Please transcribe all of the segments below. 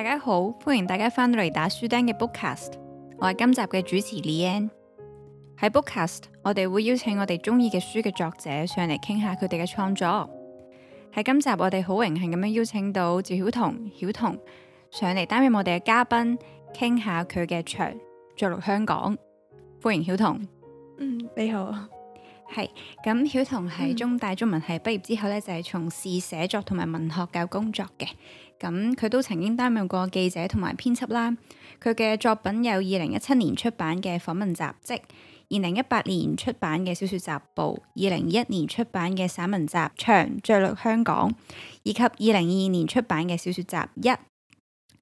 大家好，歡迎大家返嚟打書釘嘅 bookcast，我係今集嘅主持 Leanne。喺 bookcast，我哋會邀請我哋中意嘅書嘅作者上嚟傾下佢哋嘅創作。喺今集，我哋好榮幸咁樣邀請到趙曉彤曉彤上嚟擔任我哋嘅嘉賓，傾下佢嘅翔：雀陸香港。歡迎曉彤，嗯，你好。係咁，曉彤係中大中文系畢業之後咧，就係、是、從事寫作同埋文學教育工作嘅。咁佢都曾經擔任過記者同埋編輯啦。佢嘅作品有二零一七年出版嘅訪問集集，二零一八年出版嘅小說集部，二零二一年出版嘅散文集《翔：雀陸香港》，以及二零二二年出版嘅小說集一。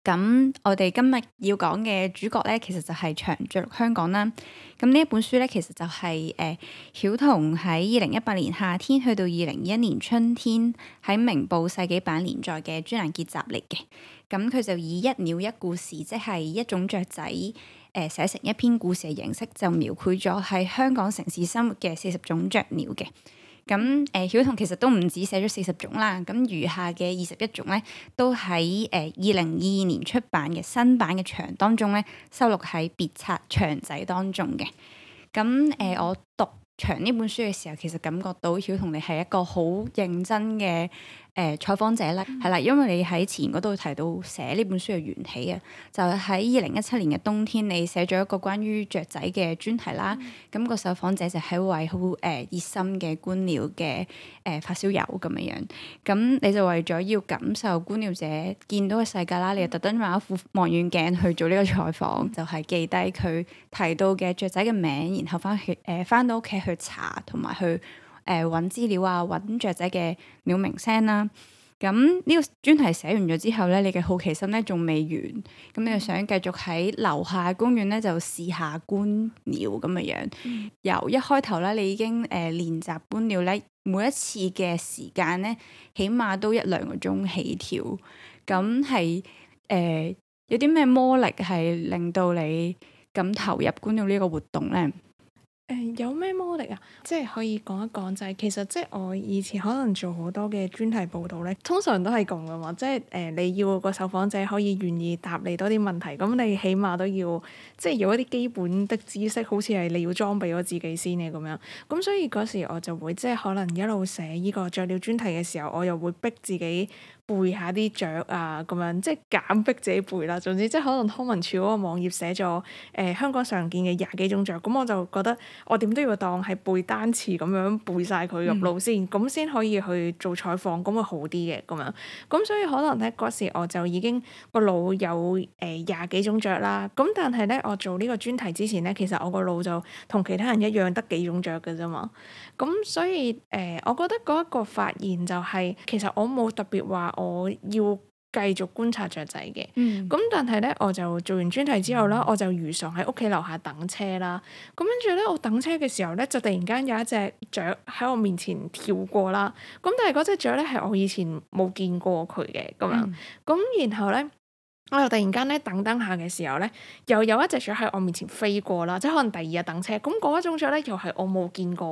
咁我哋今日要講嘅主角呢，其實就係、是、翔：雀陸香港啦。咁呢一本書呢，其實就係誒曉彤喺二零一八年夏天去到二零二一年春天喺《明報》世紀版連載嘅專欄結集嚟嘅。咁佢就以一鳥一故事，即係一種雀仔誒寫、呃、成一篇故事嘅形式，就描繪咗喺香港城市生活嘅四十種雀鳥嘅。咁誒、呃、曉彤其實都唔止寫咗四十種啦，咁餘下嘅二十一種呢，都喺誒二零二二年出版嘅新版嘅翔當中呢，收錄喺別冊翔仔當中嘅。咁誒、呃，我讀翔呢本書嘅時候，其實感覺到曉彤你係一個好認真嘅。誒、呃、採訪者咧係啦，嗯、因為你喺前嗰度提到寫呢本書嘅緣起啊，就係喺二零一七年嘅冬天，你寫咗一個關於雀仔嘅專題啦。咁、嗯、個受訪者就係一位好誒熱心嘅觀鳥嘅誒發燒友咁樣樣。咁你就為咗要感受觀鳥者見到嘅世界啦，你就特登買一副望遠鏡去做呢個採訪，嗯、就係記低佢提到嘅雀仔嘅名，然後翻去誒翻、呃、到屋企去查同埋去。誒揾、呃、資料啊，揾雀仔嘅鳥鳴聲啦、啊。咁呢、呢個專題寫完咗之後呢，你嘅好奇心呢仲未完，咁你又想繼續喺樓下公園呢，就試下觀鳥咁嘅樣。嗯、由一開頭呢，你已經誒練習觀鳥咧，每一次嘅時間呢，起碼都一兩個鐘起跳。咁係誒有啲咩魔力係令到你咁投入觀鳥呢個活動呢？誒、嗯，有咩魔力啊？即係可以講一講就係，其實即係我以前可能做好多嘅專題報道咧，通常都係咁噶嘛，即係誒、呃，你要個受訪者可以願意答你多啲問題，咁你起碼都要即係有一啲基本的知識，好似係你要裝備咗自己先嘅咁樣。咁所以嗰時我就會即係可能一路寫依個雀鳥專題嘅時候，我又會逼自己。背下啲雀啊，咁樣即係強逼自己背啦。總之即係可能康文署嗰個網頁寫咗誒香港常見嘅廿幾種雀，咁我就覺得我點都要當係背單詞咁樣背晒佢入腦先，咁先、嗯、可以去做採訪，咁會好啲嘅咁樣。咁所以可能咧嗰時我就已經個腦有誒廿幾種雀啦。咁但係咧我做呢個專題之前咧，其實我個腦就同其他人一樣得幾種雀噶啫嘛。咁所以誒、呃，我覺得嗰一個發現就係、是，其實我冇特別話我要繼續觀察雀仔嘅。咁、嗯、但係咧，我就做完專題之後啦，我就如常喺屋企樓下等車啦。咁跟住咧，我等車嘅時候咧，就突然間有一隻雀喺我面前跳過啦。咁但係嗰隻雀咧係我以前冇見過佢嘅咁樣。咁、嗯、然後咧。我又突然間咧，等燈下嘅時候咧，又有一隻雀喺我面前飛過啦，即係可能第二日等車，咁嗰一種雀咧又係我冇見過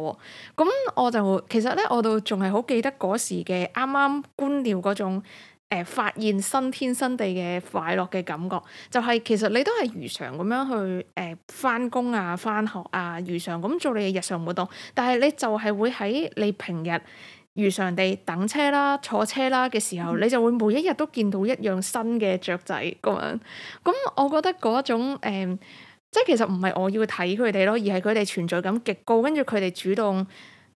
喎。咁我就其實咧，我都仲係好記得嗰時嘅啱啱觀鳥嗰種誒、呃、發現新天新地嘅快樂嘅感覺，就係、是、其實你都係如常咁樣去誒返工啊、返學啊，如常咁做你嘅日常活動，但係你就係會喺你平日，如常地等車啦、坐車啦嘅時候，嗯、你就會每一日都見到一樣新嘅雀仔咁樣。咁我覺得嗰種誒、呃，即係其實唔係我要睇佢哋咯，而係佢哋存在感極高，跟住佢哋主動。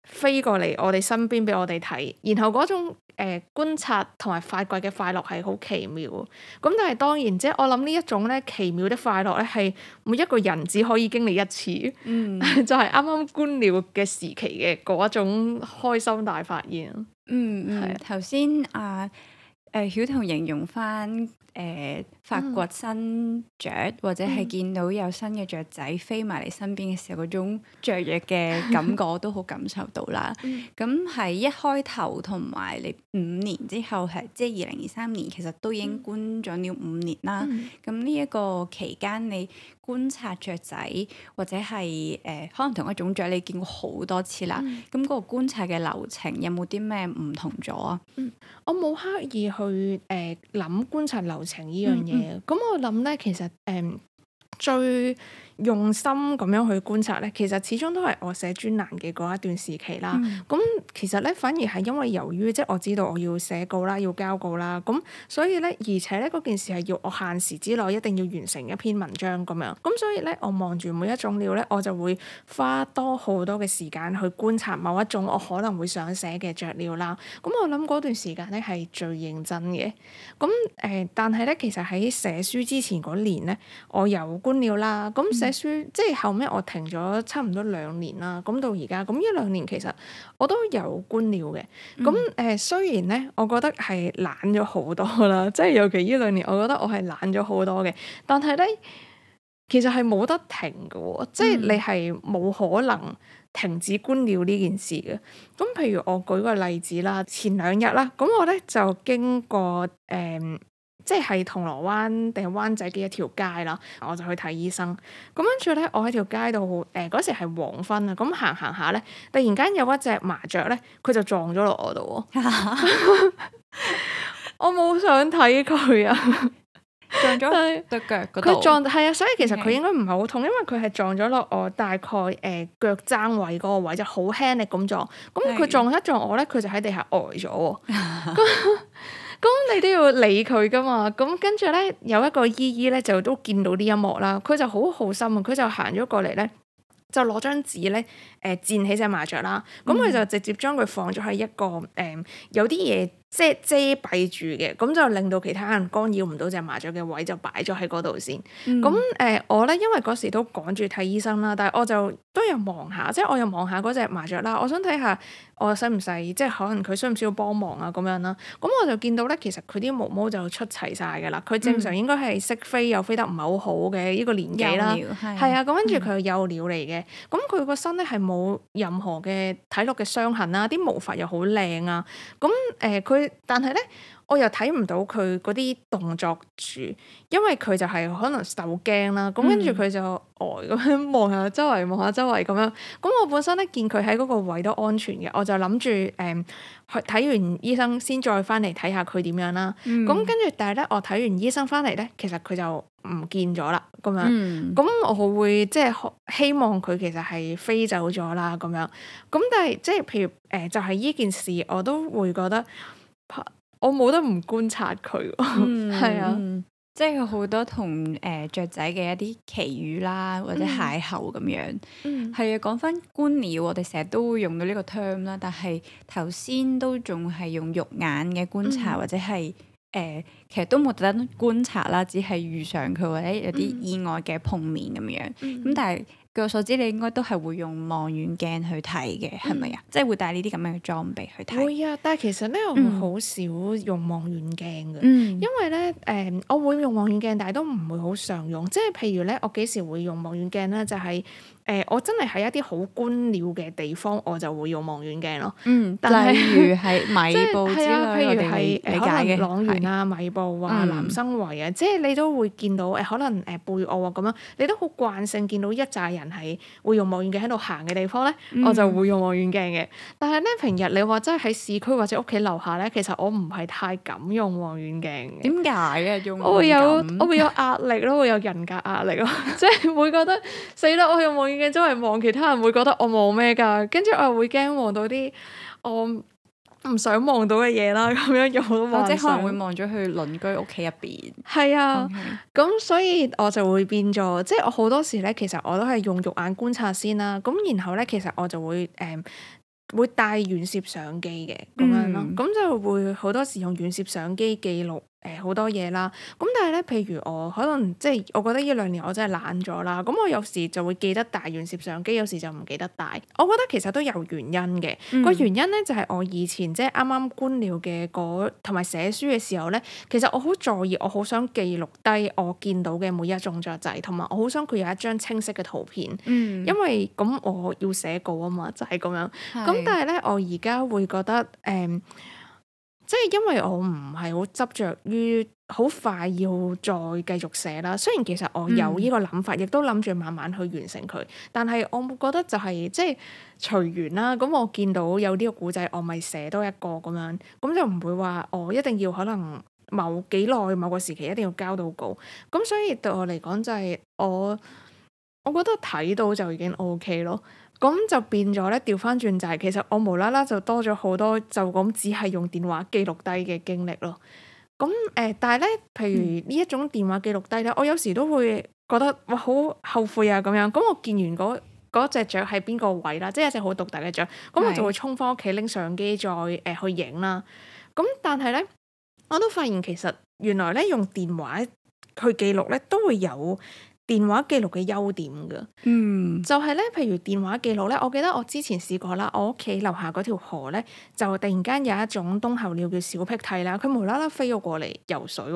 飛過嚟我哋身邊俾我哋睇，然後嗰種誒、呃、觀察同埋發掘嘅快樂係好奇妙，咁但係當然即係我諗呢一種咧奇妙的快樂咧係每一個人只可以經歷一次，嗯， 就係啱啱觀鳥嘅時期嘅嗰種開心大發現，嗯嗯，係啊，頭先阿誒曉彤形容翻誒，啊發掘新雀或者係見到有新嘅雀仔飛埋你身邊嘅時候，嗰種雀躍嘅感覺我都好感受到啦。咁喺、 嗯、一開頭同埋你五年之後係即係二零二三年，其實都已經觀咗了，了五年啦。咁呢一個期間你觀察雀仔或者係誒、呃、可能同一種雀你見過好多次啦。咁嗰、嗯、個觀察嘅流程有冇啲咩唔同咗啊？我冇刻意去誒諗、呃、觀察流程呢樣嘢。嗯咁、嗯 嗯、我諗咧，其實誒、嗯、最用心咁樣去觀察咧，其實始終都係我寫專欄嘅嗰一段時期啦。咁、嗯、其實咧，反而係因為由於即係我知道我要寫稿啦，要交稿啦，咁所以咧，而且咧嗰件事係要我限時之內一定要完成一篇文章咁樣。咁所以咧，我望住每一種鳥咧，我就會花多好多嘅時間去觀察某一種我可能會想寫嘅雀鳥啦。咁我諗嗰段時間咧係最認真嘅。咁誒，但係咧，其實喺寫書之前嗰年咧，我有觀鳥啦。咁寫、嗯。書即係後尾我停咗差唔多兩年啦，咁到而家，咁呢兩年其實我都有觀鳥嘅。咁誒、嗯，雖然咧，我覺得係懶咗好多啦，即係尤其呢兩年，我覺得我係懶咗好多嘅。但係咧，其實係冇得停嘅，嗯、即係你係冇可能停止觀鳥呢件事嘅。咁譬如我舉個例子啦，前兩日啦，咁我咧就經過誒。嗯即係銅鑼灣定係灣仔嘅一條街啦，我就去睇醫生。咁跟住咧，我喺條街度，誒，嗰時係黃昏啊。咁行行下咧，突然間有一隻麻雀咧，佢就撞咗落我度。 我冇想睇佢啊！ 是撞咗對腳嗰度，佢撞係啊。所以其實佢應該唔係好痛，因為佢係撞咗落我大概誒腳踭位嗰個位，就好輕力咁撞。咁佢撞一撞我咧，佢就喺地下呆咗。 咁 你都要理佢㗎嘛？咁跟住呢，有一個姨姨呢，就都見到呢一幕啦。佢就好好心啊，佢就行咗過嚟呢，就攞張紙呢，誒、呃，墊起隻麻雀啦。咁佢就直接將佢放咗喺一個誒、呃，有啲嘢。遮遮蔽住嘅，咁就令到其他人干擾唔到隻麻雀嘅位，就擺咗喺嗰度先。咁誒、嗯呃，我咧因為嗰時都趕住睇醫生啦，但係我就都有望下，即係我又望下嗰隻麻雀啦。我想睇下我使唔使，即係可能佢需唔需要幫忙啊？咁樣啦。咁我就見到咧，其實佢啲毛毛就出齊晒噶啦。佢正常應該係識飛，又飛得唔係好好嘅呢個年紀啦。係啊，咁跟住佢幼鳥嚟嘅，咁佢個身咧係冇任何嘅睇落嘅傷痕啊，啲毛髮又好靚啊。咁誒，佢、呃。呃但係咧，我又睇唔到佢嗰啲動作住，因為佢就係可能受驚啦。咁、嗯、跟住佢就呆咁樣望下周圍，望下周圍咁樣。咁我本身咧見佢喺嗰個位都安全嘅，我就諗住誒、去、嗯、睇完醫生先再翻嚟睇下佢點樣啦。咁、嗯、跟住，但係咧我睇完醫生翻嚟咧，其實佢就唔見咗啦。咁樣，咁、嗯、我會即係希望佢其實係飛走咗啦。咁樣，咁但係即係譬如誒、呃，就係、是、呢件事，我都會覺得。我冇得唔觀察佢，係、 嗯、啊，嗯、即係好多同誒、呃、雀仔嘅一啲奇遇啦，或者邂逅咁樣，係、嗯、啊。講翻觀鳥，我哋成日都會用到呢個 term 啦。但係頭先都仲係用肉眼嘅觀察，嗯、或者係誒、呃，其實都冇特登觀察啦，只係遇上佢或者有啲意外嘅碰面咁樣。咁、嗯嗯嗯、但係。據我所知，你應該都係會用望遠鏡去睇嘅，係咪啊？即係會帶呢啲咁樣嘅裝備去睇。會啊，但係其實咧，我好少用望遠鏡嘅，嗯、因為咧，誒、呃，我會用望遠鏡，但係都唔會好常用。即係譬如咧，我幾時會用望遠鏡咧？就係、是。誒、欸，我真係喺一啲好觀鳥嘅地方，我就會用望遠鏡咯。例如係米埔啊，譬如係誒，可能朗園啊、米埔啊、南生圍啊，即係你都會見到誒，可能誒背澳啊咁樣，你都好慣性見到一紮人係會用望遠鏡喺度行嘅地方咧，嗯、我就會用望遠鏡嘅。但係咧，平日你話真係喺市區或者屋企樓下咧，其實我唔係太敢用望遠鏡嘅。點解啊？用我會有 我會有壓力咯，會有人格壓力咯，即係會覺得死啦！我用望遠。驚周圍望其他人會覺得我望咩噶，跟住我又會驚望到啲我唔想望到嘅嘢啦，咁 樣又或者可能會望咗去鄰居屋企入邊。係 啊，咁 Okay. 所以我就會變咗，即係我好多時咧，其實我都係用肉眼觀察先啦。咁然後咧，其實我就會誒、嗯、會帶遠攝相機嘅咁樣咯，咁、mm. 就會好多時用遠攝相機記錄。誒，好多嘢啦，咁但係咧，譬如我可能即係，就是、我覺得呢兩年我真係懶咗啦，咁我有時就會記得帶完攝相機，有時就唔記得帶。我覺得其實都有原因嘅，嗯、個原因咧就係、是、我以前即係啱啱觀鳥嘅嗰，同埋寫書嘅時候咧，其實我好在意，我好想記錄低我見到嘅每一種雀仔，同埋我好想佢有一張清晰嘅圖片，嗯、因為咁我要寫稿啊嘛，就係、是、咁樣。咁是但係咧，我而家會覺得誒。嗯即係因為我唔係好執著於好快要再繼續寫啦。雖然其實我有呢個諗法，嗯、亦都諗住慢慢去完成佢。但係我覺得就係、是、即係隨緣啦。咁我見到有呢個古仔，我咪寫多一個咁樣。咁就唔會話我一定要可能某幾耐某個時期一定要交到稿。咁所以對我嚟講就係我我覺得睇到就已經 OK 囉。咁就變咗咧，調翻轉就係、是、其實我無啦啦就多咗好多，就咁只係用電話記錄低嘅經歷咯。咁誒、呃，但係咧，譬如呢一種電話記錄低咧，我有時都會覺得我好後悔啊咁樣。咁我見完嗰嗰隻雀喺邊個位啦，即係一隻好獨特嘅雀，咁我就會衝翻屋企拎相機再誒、呃、去影啦。咁但係咧，我都發現其實原來咧用電話去記錄咧都會有，電話記錄嘅優點㗎，嗯、就係咧，譬如電話記錄咧，我記得我之前試過啦，我屋企樓下嗰條河咧，就突然間有一種冬候鳥叫小癖涕小鸊鷉啦，佢無啦啦飛咗過嚟游水喎，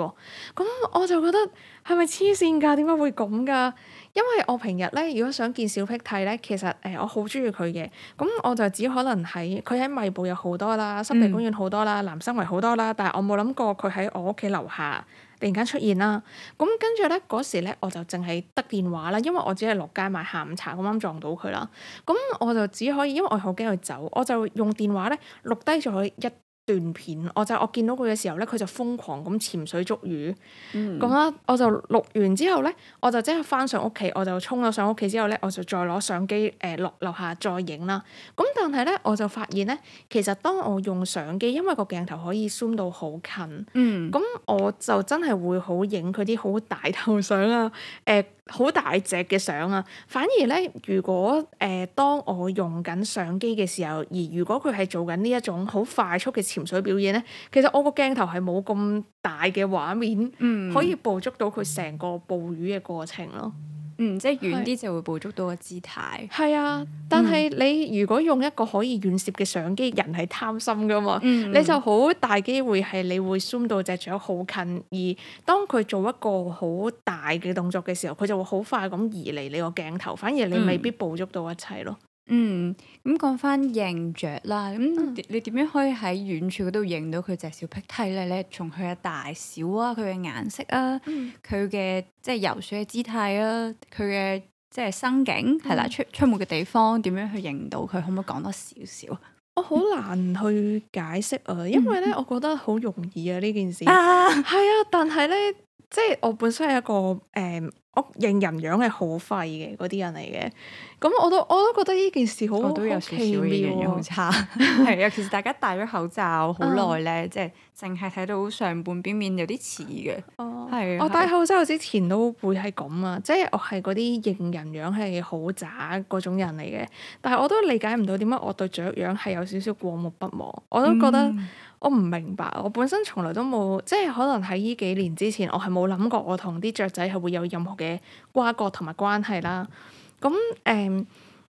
咁我就覺得係咪黐線㗎？點解會咁㗎？因為我平日咧，如果想見小鸊鷉咧，其實誒我好中意佢嘅，咁我就只可能喺佢喺米埔有好多啦，濕地公園好多啦，南生圍好多啦，但係我冇諗過佢喺我屋企樓下。突然間出現啦，咁跟住咧，嗰時咧，我就淨係得電話啦，因為我只係落街買下午茶咁啱撞到佢啦，咁我就只可以，因為我好驚佢走，我就用電話咧錄低咗佢一。段片，我就我見到佢嘅時候咧，佢就瘋狂咁潛水捉魚。咁啊、嗯，我就錄完之後咧，我就即刻翻上屋企，我就衝咗上屋企之後咧，我就再攞相機誒落樓下，下，下再影啦。咁但係咧，我就發現咧，其實當我用相機，因為個鏡頭可以 zoom 到好近，咁、嗯、我就真係會好影佢啲好大頭相啊。誒、呃。好大隻嘅相啊！反而咧，如果誒，呃，當我用緊相機嘅時候，而如果佢係做緊呢一種好快速嘅潛水表演咧，其實我個鏡頭係冇咁大嘅畫面，嗯，可以捕捉到佢成個捕魚嘅過程咯。嗯，即係遠啲就會捕捉到個姿態。係啊的，嗯、但係你如果用一個可以遠攝嘅相機，人係貪心噶嘛，嗯、你就好大機會係你會 zoom 到隻雀好近，而當佢做一個好大嘅動作嘅時候，佢就會好快咁移離你個鏡頭，反而你未必捕捉到一切咯。嗯嗯，咁講翻認雀啦，咁、嗯、你點樣可以喺遠處嗰度認到佢隻小匹體呢？咧，從佢嘅大小啊，佢嘅顏色啊，佢嘅即係游水嘅姿態啊，佢嘅即係生境係啦、嗯，出出沒嘅地方，點樣去認到佢？可唔可以講多少少？我好難去解釋啊，嗯嗯嗯，因為呢，我覺得好容易啊呢件、這個、事。係啊，啊，但係呢，即、就、係、是、我本身係一個誒。嗯我、哦、認人樣係好廢嘅嗰啲人嚟嘅，咁我都我都覺得呢件事好奇妙，我都有少少印象好差，係啊，其實大家戴咗口罩好耐咧，即係淨係睇到上半邊面有啲似嘅，係我戴口罩之前都會係咁啊，即係我係嗰啲認人樣係好渣嗰種人嚟嘅，但係我都理解唔到點解我對雀樣係有少少過目不忘，我都覺得。我唔明白，我本身從來都冇，即係可能喺呢幾年之前，我係冇諗過我同啲雀仔係會有任何嘅瓜葛同埋關係啦。咁誒、嗯，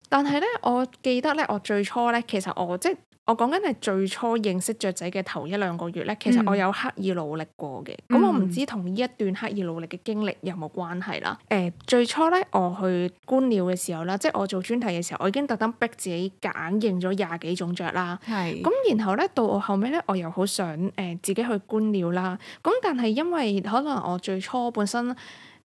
但係咧，我記得咧，我最初咧，其實我即我講緊係最初認識雀仔嘅頭一兩個月咧，其實我有刻意努力過嘅。咁、嗯、我唔知同呢一段刻意努力嘅經歷有冇關係啦。誒、呃，最初咧，我去觀鳥嘅時候啦，即係我做專題嘅時候，我已經特登逼自己夾硬認咗廿幾種雀啦。係是。咁然後咧，到我後尾咧，我又好想誒、呃、自己去觀鳥啦。咁但係因為可能我最初本身。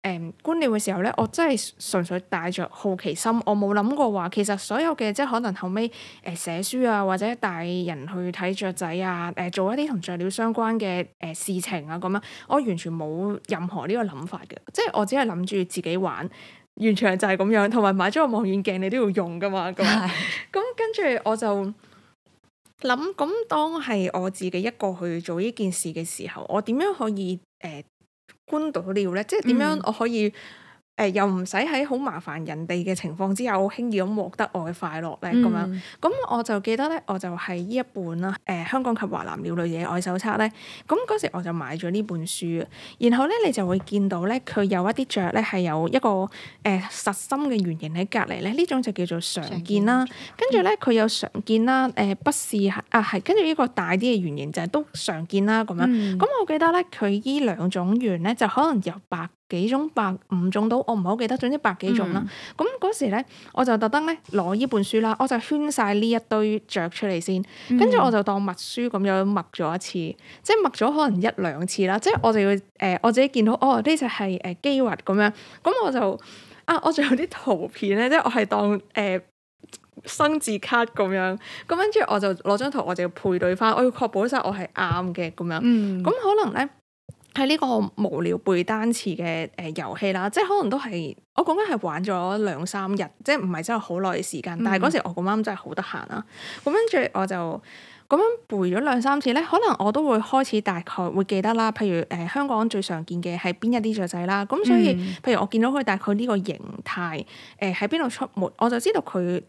誒、嗯、觀鳥嘅時候咧，我真係純粹帶著好奇心，我冇諗過話其實所有嘅即係可能後尾誒、呃、寫書啊，或者帶人去睇雀仔啊，誒、呃、做一啲同雀鳥相關嘅誒、呃、事情啊咁樣，我完全冇任何呢個諗法嘅，即係我只係諗住自己玩，完全就係咁樣，同埋買咗個望遠鏡你都要用噶嘛，咁咁跟住我就諗，咁當係我自己一個去做呢件事嘅時候，我點樣可以誒、呃觀到料咧，即係點樣我可以？嗯誒，又唔使喺好麻煩人哋嘅情況之下，好輕易咁獲得我嘅快樂咧，咁樣。咁、嗯嗯、我就記得咧，我就係呢一本啦，誒、呃，《香港及華南鳥類野外手冊》咧、嗯。咁嗰時我就買咗呢本書，然後咧，你就會見到咧，佢有一啲雀咧係有一個誒實心嘅圓形喺隔籬咧，呢種就叫做常見啦。跟住咧，佢有常見啦，誒，不是啊係，跟住呢個大啲嘅圓形就係、是、都常見啦，咁樣。咁我記得咧，佢呢兩種圓咧就可能由白。嗯幾種百五種到，我唔好記得，總之百幾種啦。咁嗰、嗯、時咧，我就特登咧攞呢本書啦，我就圈晒呢一堆雀出、嗯、雀出嚟先，跟住我就當書默書咁樣默咗一次，即係默咗可能一兩次啦。即係我就要誒、呃，我自己見到哦，呢隻係誒肌肉咁樣，咁我就啊，我仲有啲圖片咧，即係我係當誒、呃、生字卡咁樣，咁跟住我就攞張圖，我就要配對翻，我要確保晒我係啱嘅咁樣。嗯，咁可能咧。喺呢個無聊背單詞嘅誒遊戲啦，即係可能都係我講緊係玩咗兩三日，即係唔係真係好耐時間，但係嗰時我咁啱真係好得閒啦。咁跟住我就咁樣背咗兩三次咧，可能我都會開始大概會記得啦。譬如誒、呃、香港最常見嘅係邊一啲雀仔啦，咁、嗯、所以譬如我見到佢大概呢個形態，誒喺邊度出沒，我就知道佢。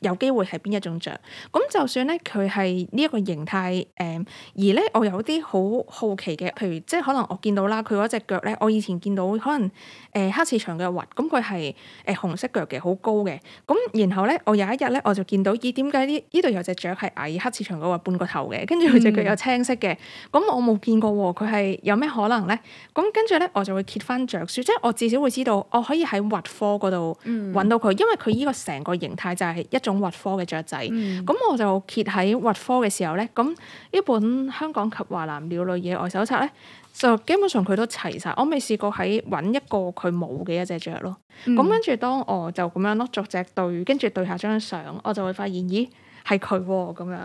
有機會係邊一種雀？咁就算咧，佢係呢一個形態誒、嗯，而咧我有啲好好奇嘅，譬如即係可能我見到啦，佢嗰隻腳咧，我以前見到可能誒、呃、黑翅長腳鷸，咁佢係誒紅色腳嘅，好高嘅。咁然後咧，我有一日咧，我就見到咦，點解呢？呢度有隻雀係矮黑翅長腳鷸半個頭嘅，跟住佢隻腳有青色嘅。咁、嗯、我冇見過喎，佢係有咩可能咧？咁跟住咧，我就會揭翻雀書，即係我至少會知道我可以喺鷸科嗰度揾到佢，嗯、因為佢依個成個形態就係一種滑科嘅雀仔，咁、嗯、我就揭喺滑科嘅時候咧，咁呢本《香港及華南鳥類野外手冊》咧，就基本上佢都齊晒，我未試過喺揾一個佢冇嘅一隻雀咯。咁跟住，當我就咁樣咯，做隻對，跟住對下張相，我就會發現，咦，係佢咁樣。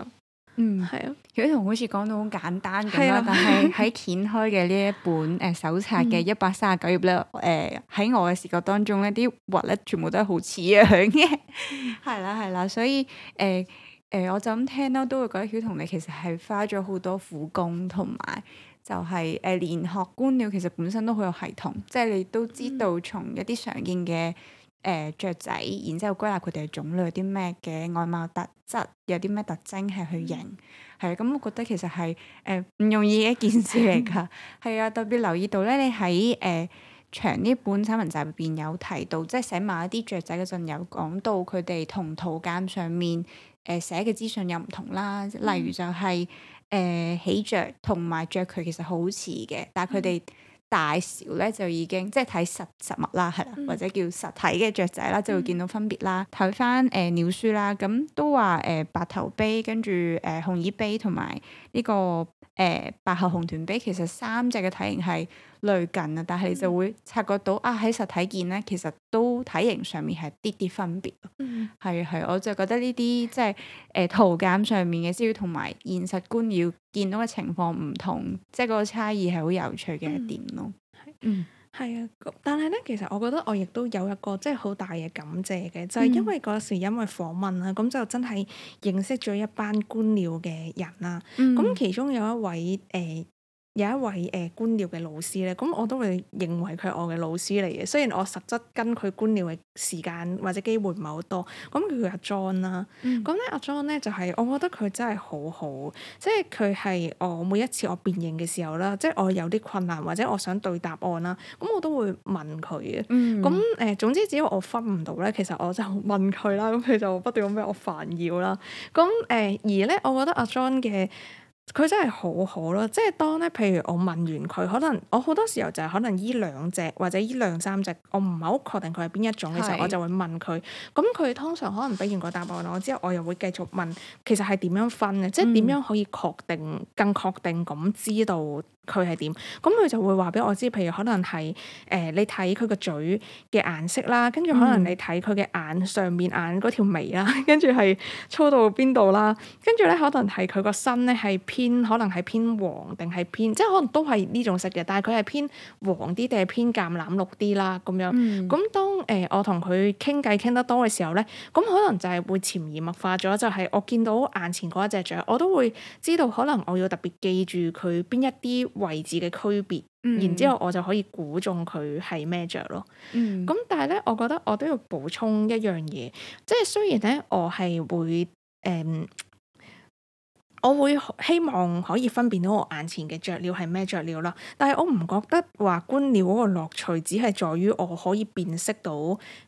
嗯，係啊，曉彤好似講到好簡單咁啦，啊、但係喺掀開嘅呢一本誒、 呃、手冊嘅一百三十九頁咧，誒喺、嗯呃、我嘅視覺當中咧，啲畫咧全部都係好似樣嘅，係啦係啦，所以誒誒、呃，我就咁聽啦，都會覺得曉彤你其實係花咗好多苦功，同埋就係誒練學觀鳥，其實本身都好有系統，即、就、係、是、你都知道從一啲常見嘅。嗯誒、呃、雀仔，然之後歸納佢哋嘅種類有啲咩嘅外貌特質，有啲咩特徵係去認，係啊、嗯，咁、嗯、我覺得其實係誒唔容易嘅一件事嚟㗎。係啊， 特別留意到咧，你喺誒、呃、長呢本散文集入邊有提到，即係寫埋一啲雀仔嘅陣，有講到佢哋同圖鑑上面誒寫嘅資訊又唔同啦。嗯、例如就係誒喜鵲同埋鵲鴝其實好似嘅，但係佢哋。大小呢就已經即係睇實實物啦，係啦，或者叫實體嘅雀仔啦，就會見到分別啦。睇返誒鳥書啦，咁都話誒、呃、白頭鵯，跟住誒、呃、紅耳鵯同埋呢個。誒、呃，白喉紅臀鵯其實三隻嘅體型係類近啊，但係就會察覺到、嗯、啊喺實體件咧，其實都體型上面係啲啲分別。嗯，係啊係，我就覺得呢啲即係誒圖鑑上面嘅資料同埋現實觀鳥見到嘅情況唔同，即係嗰個差異係好有趣嘅一點咯。嗯。係啊，但係呢，其實我覺得我亦都有一個即係好大嘅感謝嘅，就係、是、因為嗰時因為訪問啦，咁、嗯、就真係認識咗一班觀鳥嘅人啦。咁、嗯、其中有一位誒。呃有一位誒、呃、觀鳥嘅老師咧，咁我都會認為佢係我嘅老師嚟嘅。雖然我實質跟佢觀鳥嘅時間或者機會唔係好多，咁佢叫阿 John 啦、嗯，咁咧阿 John 咧就係、是、我覺得佢真係好好，即係佢係我每一次我辨認嘅時候啦，即、就、係、是、我有啲困難或者我想對答案啦，咁我都會問佢嘅。咁誒、嗯呃，總之只要我分唔到咧，其實我就問佢啦，咁佢就不斷咁俾我煩擾啦。咁誒、呃，而咧我覺得阿 John 嘅。佢真係好好咯，即係當咧，譬如我問完佢，可能我好多時候就係可能呢兩隻或者呢兩三隻，我唔係好確定佢係邊一種嘅時候，是我就會問佢。咁佢通常可能俾完個答案我，我之後，我又會繼續問，其實係點樣分嘅？嗯、即係點樣可以確定更確定咁知道？佢係點？咁佢就會話俾我知，譬如可能係誒、呃、你睇佢個嘴嘅顏色啦，跟住可能你睇佢嘅眼上面眼嗰條眉啦，跟住係粗到邊度啦，跟住咧可能係佢個身咧係偏可能係偏黃定係偏，即係可能都係呢種色嘅，但係佢係偏黃啲定係偏橄欖綠啲啦咁樣。咁、嗯、當誒、呃、我同佢傾偈傾得多嘅時候咧，咁可能就係會潛移默化咗，就係、是、我見到眼前嗰一隻雀，我都會知道可能我要特別記住佢邊一啲位置嘅區別，嗯、然之後我就可以估中佢係咩雀咯。咁、嗯、但係咧，我覺得我都要補充一樣嘢，即係雖然咧，我係會誒，我會希望可以分辨到我眼前嘅雀鳥係咩雀鳥啦。但係我唔覺得話觀鳥嗰個樂趣只係在於我可以辨識到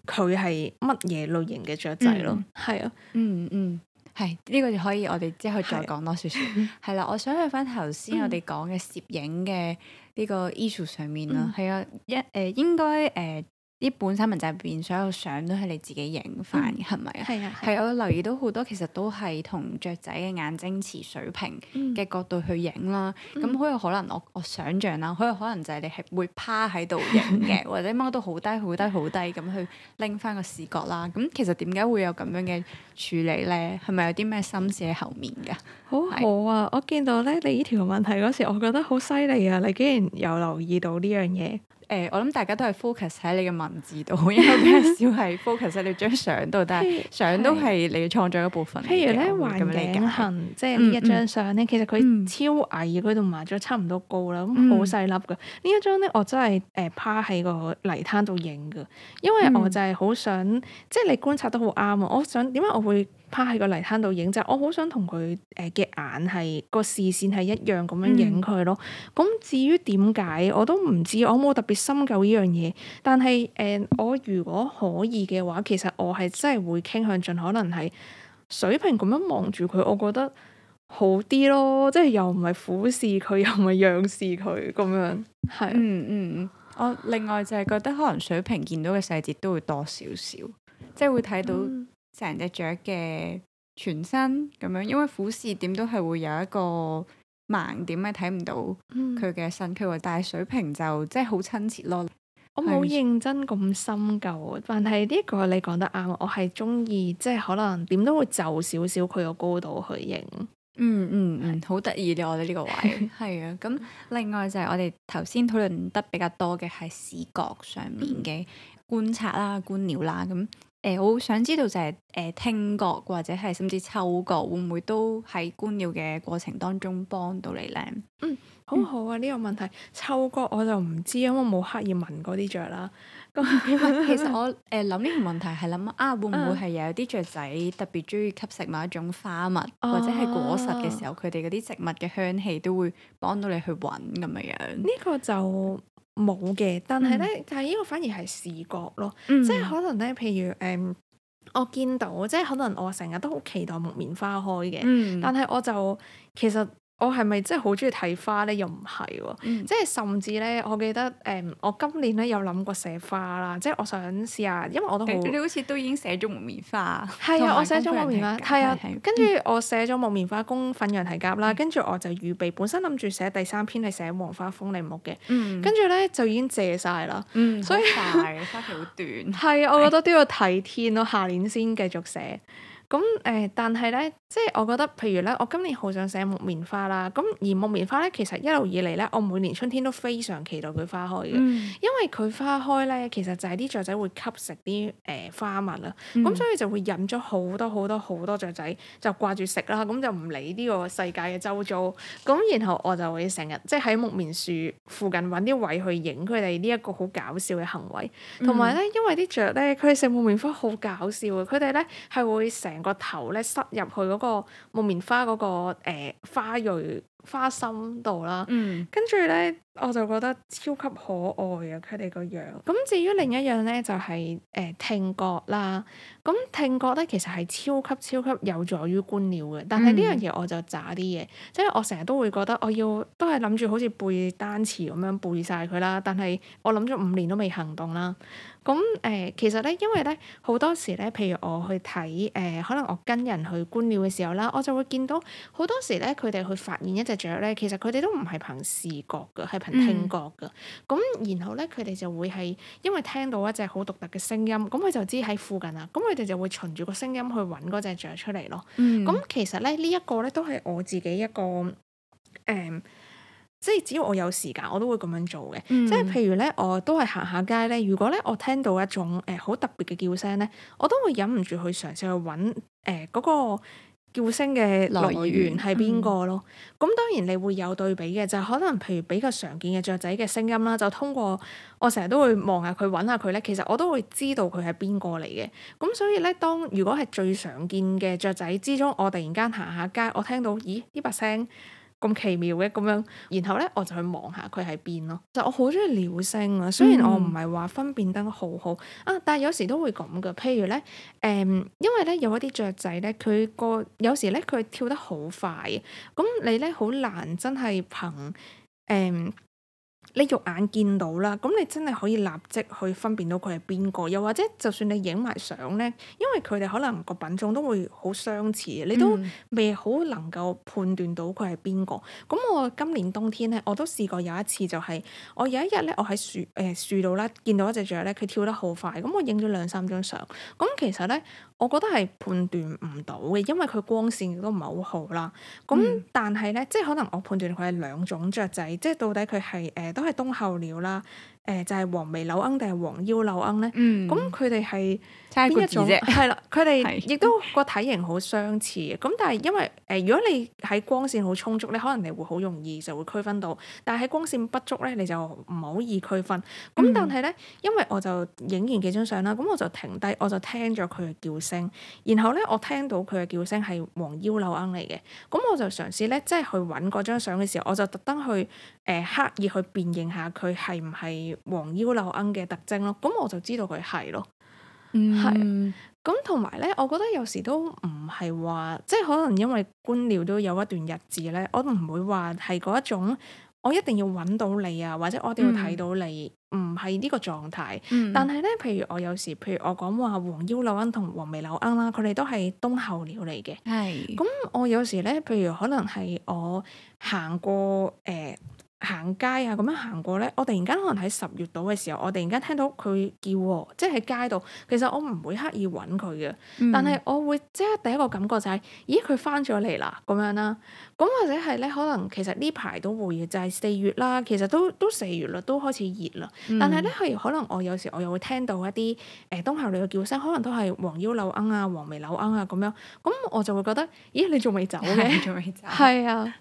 佢係乜嘢類型嘅雀仔咯。係、嗯、啊，嗯嗯。嗯係，呢、呢個就可以我哋之後再講多少少。係啦是， 我想去翻頭先我哋講嘅攝影嘅呢個 issue 上面啦。係啊，一誒應該誒。呃啲本散文集入邊所有相都係你自己影翻嘅，係咪、嗯？係啊，係。我留意到好多，其實都係同雀仔嘅眼睛持水平嘅角度去影啦。咁好、嗯、有可能我我想象啦，好有可能就係你係會趴喺度影嘅， 或者踎到好低、好低、好低咁去拎翻個視角啦。咁其實點解會有咁樣嘅處理咧？係咪有啲咩心思喺後面嘅？好好啊！是我見到咧，你呢條問題嗰時，我覺得好犀利啊！你竟然有留意到呢樣嘢。誒、欸，我諗大家都係 focus 喺你嘅文字度，因為比較少喺 focus 喺你張相度， 但係相都係你創作一部分。譬如咧，環頸鴴，即係呢一張相咧，嗯、其實佢超矮，佢同麻雀差唔多高啦，咁好細粒嘅。呢、嗯、一張咧，我真係誒趴喺個泥灘度影嘅，因為我就係好想，嗯、即係你觀察得好啱啊！我想點解我會？趴喺個泥灘度影就係我樣樣嗯，我好想同佢誒嘅眼係個視線係一樣咁樣影佢咯。咁至於點解我都唔知，我冇特別深究呢樣嘢。但係誒、呃，我如果可以嘅話，其實我係真係會傾向盡可能係水平咁樣望住佢，我覺得好啲咯。即係又唔係俯視佢，又唔係仰視佢咁樣。係的嗯嗯，我另外就係覺得可能水平見到嘅細節都會多少少，嗯、即係會睇到。嗯成隻雀嘅全身咁樣，因為俯視點都係會有一個盲點嘅，睇唔到佢嘅身軀。嗯、但係水平就即係好親切咯。我冇認真咁深究，但係呢個你講得啱，我係中意即係可能點都會就少少佢個高度去影、嗯。嗯嗯是嗯，好得意嘅。我哋呢個位係 啊。咁另外就係我哋頭先討論得比較多嘅係視覺上面嘅觀察啦、啊、嗯、觀鳥啦咁。誒、欸，我想知道就係、是、誒、呃、聽覺或者係甚至嗅覺會唔會都喺觀鳥嘅過程當中幫到你咧？嗯，好好啊，呢、嗯、個問題，嗅覺我就唔知，因為冇刻意聞嗰啲雀啦。咁 其實我誒諗呢個問題係諗啊，會唔會係有啲雀仔特別中意吸食某一種花蜜、啊、或者係果實嘅時候，佢哋嗰啲植物嘅香氣都會幫到你去搵咁樣樣？呢個就。冇嘅，但係咧，嗯、但係呢個反而係視覺咯，嗯、即係可能咧，譬如誒、嗯，我見到即係可能我成日都好期待木棉花開嘅，嗯、但係我就其實。我係咪真係好中意睇花咧？又唔係喎，即係甚至咧，我記得誒，我今年咧有諗過寫花啦，即係我想試下，因為我都好你好似都已經寫咗木棉花，係啊，我寫咗木棉花，係啊，跟住我寫咗木棉花、宮粉羊蹄甲啦，跟住我就預備本身諗住寫第三篇係寫黃花風鈴木嘅，跟住咧就已經謝晒啦，所以花期好短，係啊，我覺得都要睇天咯，下年先繼續寫。咁誒、嗯，但係咧，即、就、係、是、我覺得，譬如咧，我今年好想寫木棉花啦。咁而木棉花咧，其實一路以嚟咧，我每年春天都非常期待佢花開嘅，嗯、因為佢花開咧，其實就係啲雀仔會吸食啲誒、呃、花蜜啊。咁、嗯、所以就會引咗好多好多好多雀仔就掛住食啦。咁就唔理呢個世界嘅周遭。咁然後我就會成日即係喺木棉樹附近揾啲位去影佢哋呢一個好搞笑嘅行為。同埋咧，因為啲雀咧，佢哋食木棉花好搞笑嘅，佢哋咧係會成。成個頭咧塞入去嗰個木棉花嗰個、那個誒、呃、花蕊花心度啦，跟住咧我就覺得超級可愛啊！佢哋個樣。咁、嗯、至於另一樣咧就係、是、誒、呃、聽覺啦，咁聽覺咧其實係超級超級有助於觀鳥嘅。但係呢樣嘢我就渣啲嘢，即係、嗯、我成日都會覺得我要都係諗住好似背單詞咁樣背晒佢啦，但係我諗咗五年都未行動啦。咁誒、呃，其實咧，因為咧，好多時咧，譬如我去睇誒、呃，可能我跟人去觀鳥嘅時候啦，我就會見到好多時咧，佢哋去發現一隻雀咧，其實佢哋都唔係憑視覺嘅，係憑聽覺嘅。咁、嗯、然後咧，佢哋就會係因為聽到一隻好獨特嘅聲音，咁佢就知喺附近喇，咁佢哋就會循住個聲音去揾嗰隻雀出嚟咯。咁、嗯、其實咧，這個、呢一個咧都係我自己一個誒。嗯即係只要我有時間，我都會咁樣做嘅。即係譬如咧，我都係行下街咧。如果咧我聽到一種誒好特別嘅叫聲咧，我都會忍唔住去嘗試去揾誒嗰個叫聲嘅來源係邊個咯。咁、嗯、當然你會有對比嘅，就係、可能譬如比較常見嘅雀仔嘅聲音啦，就通過我成日都會望下佢揾下佢咧，其實我都會知道佢係邊個嚟嘅。咁所以咧，當如果係最常見嘅雀仔之中，我突然間行下街，我聽到咦呢把聲。咁奇妙嘅咁樣，然後咧我就去望下佢喺邊咯。就我好中意鳥聲啊，雖然我唔係話分辨得好好、嗯、啊，但係有時都會咁噶。譬如咧，誒、嗯，因為咧有一啲雀仔咧，佢個有時咧佢跳得好快，啊。咁你咧好難真係憑誒。嗯你肉眼見到啦，咁你真係可以立即去分辨到佢係邊個，又或者就算你影埋相咧，因為佢哋可能個品種都會好相似，你都未好能夠判斷到佢係邊個。咁、嗯、我今年冬天咧，我都試過有一次就係、是，我有一日咧，我、呃、喺樹誒樹度啦，見到一隻雀咧，佢跳得好快，咁我影咗兩三張相。咁其實咧，我覺得係判斷唔到嘅，因為佢光線亦都唔係好好啦。咁但係咧，嗯、即係可能我判斷佢係兩種雀仔，即係到底佢係誒。呃都係冬候鳥啦，誒、呃、就係、是、黃眉柳鶯定係黃腰柳鶯咧？咁佢哋係邊一種啫？係啦， 佢哋亦都個體型好相似嘅。咁但係因為誒、呃，如果你喺光線好充足咧，可能你會好容易就會區分到。但係喺光線不足咧，你就唔好易區分。咁、嗯、但係咧，因為我就影完幾張相啦，咁我就停低，我就聽咗佢嘅叫聲，然後咧我聽到佢嘅叫聲係黃腰柳鶯嚟嘅。咁我就嘗試咧，即、就、係、是、去揾嗰張相嘅時候，我就特登去。呃、刻意去辨認下佢係唔係黃腰柳鶯嘅特徵咯，咁我就知道佢係咯，嗯，係咁同埋咧，我覺得有時都唔係話，即係可能因為觀鳥都有一段日子咧，我唔會話係嗰一種，我一定要揾到你啊，或者我都要睇到你唔係呢個狀態。嗯、但係咧，譬如我有時，譬如我講話黃腰柳鶯同黃眉柳鶯啦，佢哋都係冬候鳥嚟嘅，係是。咁我有時咧，譬如可能係我行過誒、呃行街啊，咁樣行過咧，我突然間可能喺十月度嘅時候，我突然間聽到佢叫喎，即係喺街度。其實我唔會刻意揾佢嘅，嗯、但係我會即係第一個感覺就係、是，咦，佢翻咗嚟啦咁樣啦。咁或者係咧，可能其實呢排都會嘅，就係、是、四月啦。其實都都四月啦，都開始熱啦。嗯、但係咧，係可能我有時我又會聽到一啲誒、呃、冬候鳥嘅叫聲，可能都係黃腰柳鶯啊、黃眉柳鶯啊咁樣。咁我就會覺得，咦，你仲未走，你仲未走是、啊？係啊。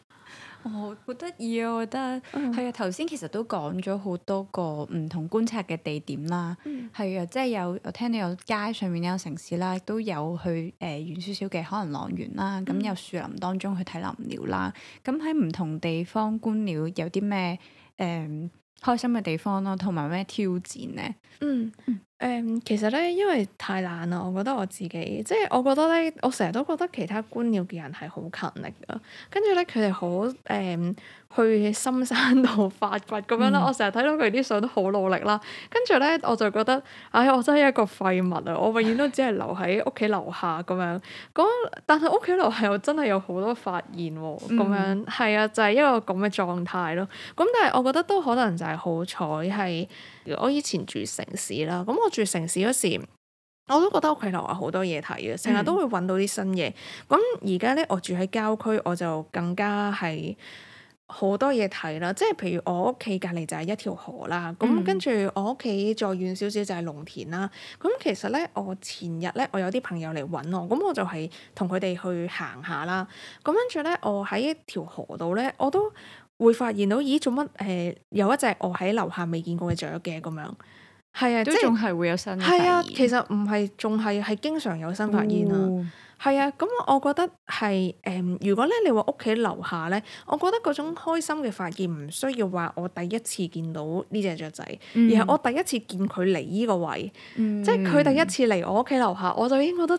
哦，好得意啊！我覺得係啊，頭先、嗯、其實都講咗好多個唔同觀察嘅地點啦。係啊、嗯，即係有我聽到有街上面有城市啦，都有去誒、呃、遠少少嘅可能樂園啦，咁、嗯、有樹林當中去睇林鳥啦。咁喺唔同地方觀鳥有啲咩誒開心嘅地方咯，同埋咩挑戰呢？嗯。嗯誒、嗯，其實咧，因為太懶啦，我覺得我自己，即係我覺得咧，我成日都覺得其他觀鳥嘅人係好勤力㗎，跟住咧佢哋好誒去深山度發掘咁樣啦，嗯、我成日睇到佢哋啲相都好努力啦，跟住咧我就覺得，哎呀，我真係一個廢物啊，我永遠都只係留喺屋企樓下咁樣，咁、那個、但係屋企樓下又真係有好多發現喎，咁樣係、嗯、啊，就係、是、一個咁嘅狀態咯，咁但係我覺得都可能就係好彩係。我以前住城市啦，咁我住城市嗰時，我都覺得我佢樓下好多嘢睇嘅，成日都會揾到啲新嘢。咁而家呢，我住喺郊區，我就更加係好多嘢睇啦。即係譬如我屋企隔離就係一條河啦，咁、嗯、跟住我屋企再遠少少就係農田啦。咁其實呢，我前日呢，我有啲朋友嚟揾我，咁我就係同佢哋去行下啦。咁跟住呢，我喺一條河度呢，我都，會發現到，咦，做乜誒有一隻我喺樓下未見過嘅雀嘅咁樣？係啊，即係仲係會有新發現，係啊，其實唔係，仲係係經常有新發現啊。哦係啊，咁我覺得係誒，如果咧你話屋企樓下咧，我覺得嗰種開心嘅發現唔需要話我第一次見到呢隻雀仔，嗯、而係我第一次見佢嚟依個位，即係佢第一次嚟我屋企樓下，我就已經覺得超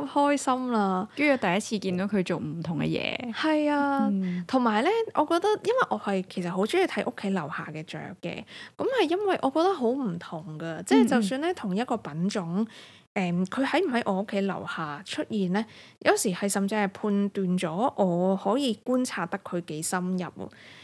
級開心啦。跟住第一次見到佢做唔同嘅嘢，係啊、嗯，同埋咧，我覺得因為我係其實好中意睇屋企樓下嘅雀嘅，咁係因為我覺得好唔同噶，即、就、係、是、就算咧同一個品種。嗯誒，佢喺唔喺我屋企樓下出現呢？有時係甚至係判斷咗我可以觀察得佢幾深入，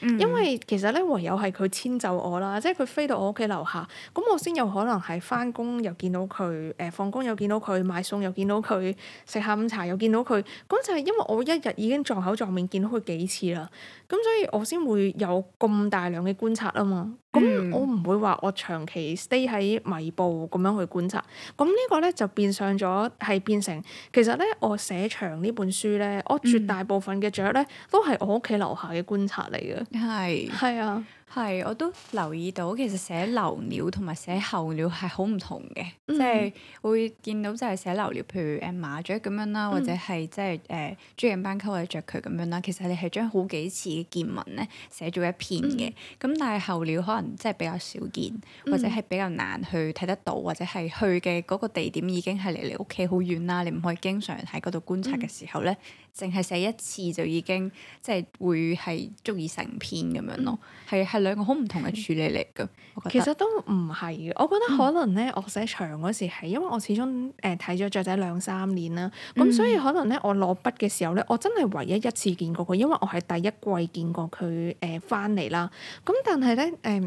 嗯、因為其實呢，唯有係佢遷就我啦，即係佢飛到我屋企樓下，咁我先有可能係翻工又見到佢，誒放工又見到佢，買餸又見到佢，食下午茶又見到佢，咁就係因為我一日已經撞口撞面見到佢幾次啦，咁所以我先會有咁大量嘅觀察啊嘛，咁、嗯、我唔會話我長期 stay 喺米埔咁樣去觀察，咁呢個呢。就變相咗，係變成其實咧，我寫翔呢本書咧，我絕大部分嘅雀咧，都係我屋企樓下嘅觀察嚟嘅，係係是啊。係，我都留意到，其實寫留鳥同埋寫候鳥係好唔同嘅，嗯、即係會見到就係寫留鳥，譬如誒麻雀咁樣啦，嗯、或者係即係誒珠頸斑鳩或者雀鶥咁樣啦。其實你係將好幾次嘅見聞咧寫咗一篇嘅，咁、嗯、但係候鳥可能即係比較少見，或者係比較難去睇得、嗯、得到，或者係去嘅嗰個地點已經係離你屋企好遠啦，你唔可以經常喺嗰度觀察嘅時候咧。嗯。淨係寫一次就已經，即係會係足以成篇咁樣咯，係係兩個好唔同嘅處理嚟嘅。其實都唔係嘅，我覺得可能咧，嗯、我寫長嗰時係，因為我始終誒睇咗雀仔兩三年啦，咁、嗯、所以可能咧，我落筆嘅時候咧，我真係唯一一次見過佢，因為我係第一季見過佢誒翻嚟啦。咁但係咧，誒、呃，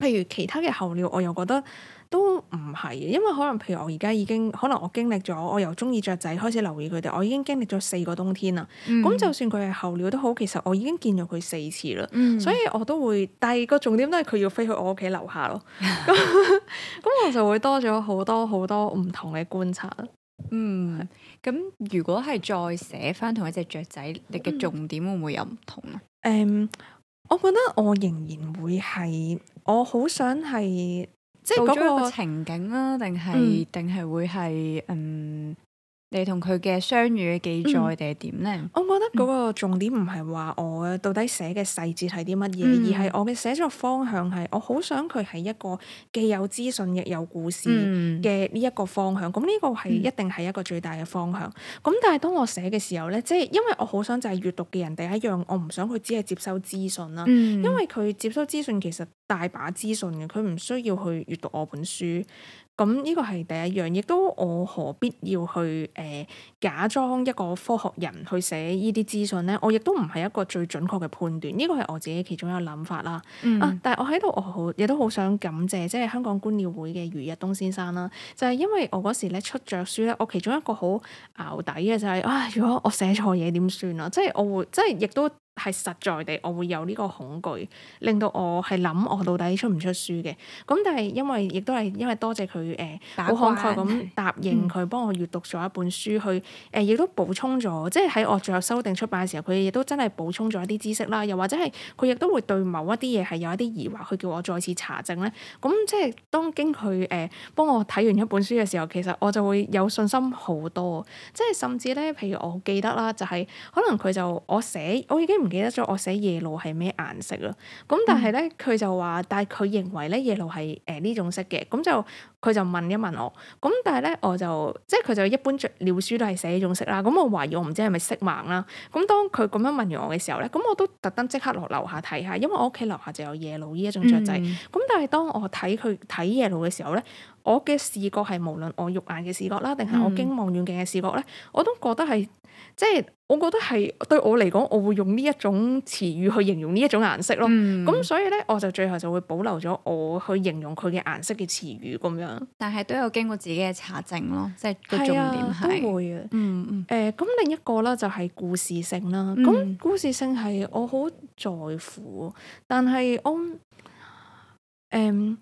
譬如其他嘅候鳥，我又覺得。都唔係，因為可能，譬如我而家已經，可能我經歷咗，我由中意雀仔，開始留意佢哋，我已經經歷咗四個冬天啦。咁、嗯、就算佢係候鳥都好，其實我已經見咗佢四次啦。嗯、所以我都會，第二個重點都係佢要飛去我屋企樓下咯。咁 我就會多咗好多好多唔同嘅觀察啦。嗯，咁如果係再寫翻同一隻雀仔，你嘅重點會唔會有唔同咧、嗯嗯？我覺得我仍然會係，我好想係。即係嗰、那個、個情景啊，定係定係會係嗯。你同佢嘅相遇嘅記載定係點呢？我覺得嗰個重點唔係話我到底寫嘅細節係啲乜嘢，嗯、而係我嘅寫作方向係我好想佢係一個既有資訊亦有故事嘅呢一個方向。咁呢、嗯、個係一定係一個最大嘅方向。咁但係當我寫嘅時候呢，即、就、係、是、因為我好想就係閱讀嘅人第一樣，我唔想佢只係接收資訊啦。嗯、因為佢接收資訊其實大把資訊嘅，佢唔需要去閱讀我本書。咁呢個係第一樣，亦都我何必要去誒、呃、假裝一個科學人去寫呢啲資訊呢？我亦都唔係一個最準確嘅判斷，呢個係我自己其中一個諗法啦。嗯、啊，但係我喺度我好，亦都好想感謝即係香港觀鳥會嘅余日東先生啦。就係、是、因為我嗰時咧出著書咧，我其中一個好淆底嘅就係、是、啊，如果我寫錯嘢點算啊？即係我會，即係亦都。係實在地，我會有呢個恐懼，令到我係諗我到底出唔出書嘅。咁、嗯、但係因為亦都係因為多謝佢誒，好、呃、慷慨咁答應佢，幫我閱讀咗一本書，佢誒亦都補充咗，即係喺我最後修訂出版嘅時候，佢亦都真係補充咗一啲知識啦。又或者係佢亦都會對某一啲嘢係有一啲疑惑，佢叫我再次查證咧。咁、嗯、即係當經佢誒幫我睇完一本書嘅時候，其實我就會有信心好多。即係甚至咧，譬如我記得啦，就係、是、可能佢就我寫，我已經。唔記得咗我寫夜鷺係咩顏色啦，咁但係咧佢就話，但係佢、嗯、認為咧夜鷺係誒呢種色嘅，咁就佢就問一問我，咁但係咧我就即係佢就一般雀鳥書都係寫呢種色啦，咁我懷疑我唔知係咪色盲啦，咁當佢咁樣問完我嘅時候咧，咁我都特登即刻落樓下睇下看看，因為我屋企樓下就有夜鷺呢一種雀仔，咁、嗯、但係當我睇佢睇夜鷺嘅時候咧。我嘅視覺係無論我肉眼嘅視覺啦，定係我經望遠鏡嘅視覺咧，嗯、我都覺得係，即、就、係、是、我覺得係對我嚟講，我會用呢一種詞語去形容呢一種顏色咯。咁、嗯、所以咧，我就最後就會保留咗我去形容佢嘅顏色嘅詞語咁樣。但係都有經過自己嘅查證咯，即係個重點係、啊、都會嘅、嗯。嗯誒，咁、呃、另一個啦就係故事性啦。咁、嗯、故事性係我好在乎，但係我誒。嗯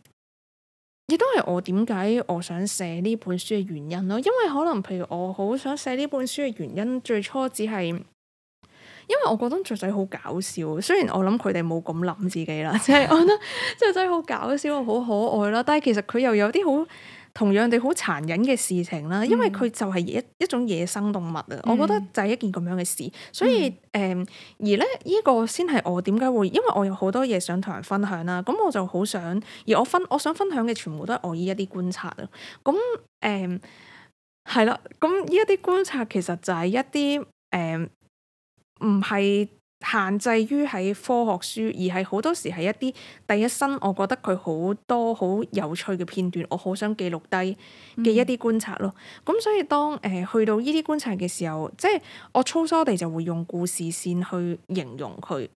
亦都係我點解我想寫呢本書嘅原因咯，因為可能譬如我好想寫呢本書嘅原因，最初只係因為我覺得雀仔好搞笑，雖然我諗佢哋冇咁諗自己啦，即係 我覺得雀仔好搞笑，好可愛啦，但係其實佢又有啲好。同樣地好殘忍嘅事情啦，因為佢就係一一種野生動物啊，嗯、我覺得就係一件咁樣嘅事，所以誒，嗯、而呢依個先係我點解會，因為我有好多嘢想同人分享啦，咁我就好想，而我分我想分享嘅全部都係我依一啲觀察啊，咁誒，係、嗯、啦，咁依一啲觀察其實就係一啲誒，唔、嗯、係。限制於喺科學書，而係好多時係一啲第一身，我覺得佢好多好有趣嘅片段，我好想記錄低嘅一啲觀察咯。咁、嗯嗯、所以當誒、呃、去到呢啲觀察嘅時候，即係我粗疏地就會用故事線去形容佢，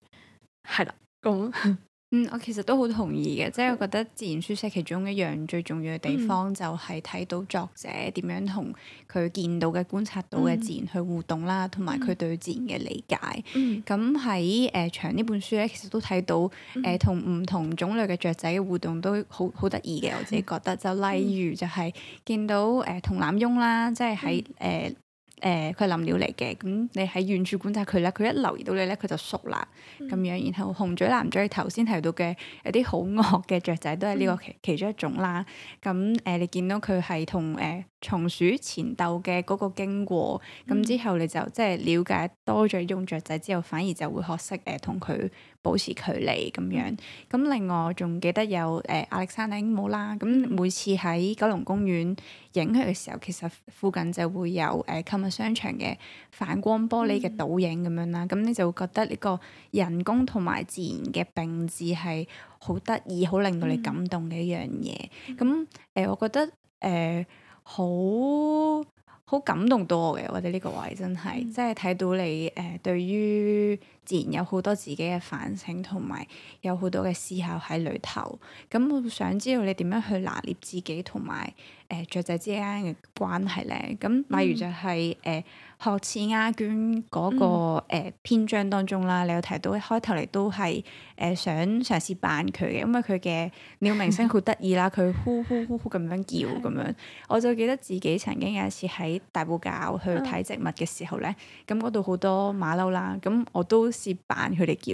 係啦。咁。 嗯，我其實都好同意嘅，即、就、係、是、我覺得自然書寫其中一樣最重要嘅地方，嗯、就係睇到作者點樣同佢見到嘅觀察到嘅自然去互動啦，同埋佢對自然嘅理解。咁喺誒翔呢本書咧，其實都睇到誒同唔同種類嘅雀仔嘅互動都好好得意嘅，我自己覺得。嗯、就例如就係見到誒、呃、同懶翁啦，即係喺誒。呃嗯誒佢係林鳥嚟嘅，咁、嗯、你喺遠處觀察佢咧，佢一留意到你咧，佢就縮啦咁、嗯、樣。然後紅嘴藍鵲，頭先提到嘅有啲好惡嘅雀仔，都係呢個其、嗯、其中一種啦。咁、嗯、誒，你見到佢係同誒松鼠前鬥嘅嗰個經過，咁、嗯嗯、之後你就即係了解多咗呢種雀仔之後，反而就會學識誒同佢。呃保持距離咁樣，咁另外仲記得有誒亞歷山大鸚鵡啦。咁、呃嗯、每次喺九龍公園影佢嘅時候，其實附近就會有誒購物商場嘅反光玻璃嘅倒影咁樣啦。咁、嗯、你就會覺得呢個人工同埋自然嘅並置係好得意，好令到你感動嘅一樣嘢。咁誒、嗯呃，我覺得誒好。呃好感動到我嘅，我哋呢個位真係，嗯、即係睇到你誒、呃，對於自然有好多自己嘅反省，同埋有好多嘅思考喺裏頭。咁我想知道你點樣去拿捏自己同埋誒雀仔之間嘅關係呢？咁例如就係、是、誒、嗯呃、學似鴉鵑嗰、那個誒、嗯呃、篇章當中啦，你有提到開頭嚟都係。誒想嘗試扮佢嘅，因為佢嘅鳥鳴聲好得意啦，佢 呼呼呼呼咁樣叫咁樣， 我就記得自己曾經有一次喺大埔滘去睇植物嘅時候咧，咁嗰度好多馬騮啦，咁我都試扮佢哋叫，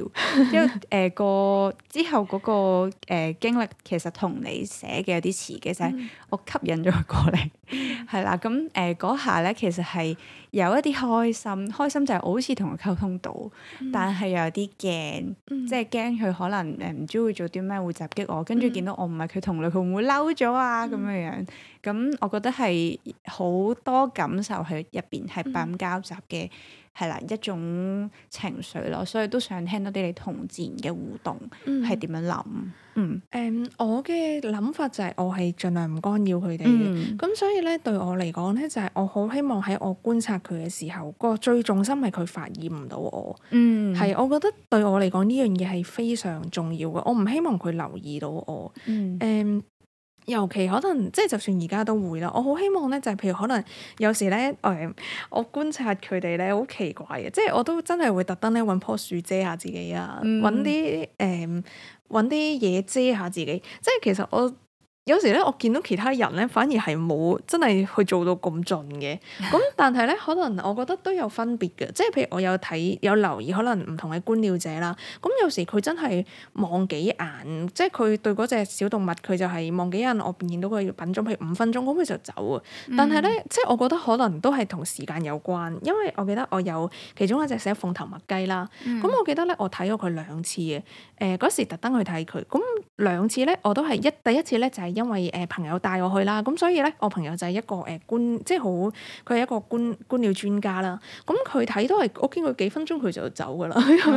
因為誒個、呃、之後嗰、嗰個誒、呃、經歷其實同你寫嘅有啲似，嘅，就係、係、我吸引咗佢過嚟，係 啦，咁誒嗰下咧其實係有一啲開心，開心就係我好似同佢溝通到，但係又有啲驚，即係驚。佢可能誒唔知會做啲咩，會襲擊我，跟住見到我唔係佢同類，佢會唔會嬲咗啊咁樣樣？咁、嗯、我覺得係好多感受，喺入邊係百感交集嘅。嗯係啦，一種情緒咯，所以都想聽多啲你同自然嘅互動係點、嗯、樣諗、嗯？嗯，誒，我嘅諗法就係我係盡量唔干擾佢哋嘅，咁、嗯、所以咧對我嚟講咧就係我好希望喺我觀察佢嘅時候，個最重心係佢發現唔到我，嗯，係我覺得對我嚟講呢樣嘢係非常重要嘅，我唔希望佢留意到我，嗯，誒、嗯。尤其可能即係就算而家都會啦，我好希望咧就係，是，譬如可能有時咧誒，呃，我觀察佢哋咧好奇怪嘅，即係我都真係會特登咧揾棵樹遮下自己啊，揾啲誒揾啲嘢遮下自己，即係其實我。有時咧，我見到其他人咧，反而係冇真係去做到咁盡嘅。咁 但係咧，可能我覺得都有分別嘅。即係譬如我有睇有留意，可能唔同嘅觀鳥者啦。咁有時佢真係望幾眼，即係佢對嗰隻小動物，佢就係望幾眼。我便見到佢嘅品種，譬如五分鐘，咁佢就走啊。但係咧，嗯、即係我覺得可能都係同時間有關。因為我記得我有其中一隻寫鳳頭麥雞啦。咁、嗯、我記得咧，我睇過佢兩次嘅。誒，嗰時特登去睇佢，咁兩次咧，我都係一第一次咧就係。因為誒朋友帶我去啦，咁所以咧我朋友就係一個誒觀，即係好佢係一個觀觀鳥專家啦。咁佢睇都係，我經過幾分鐘佢就走噶啦。咁樣係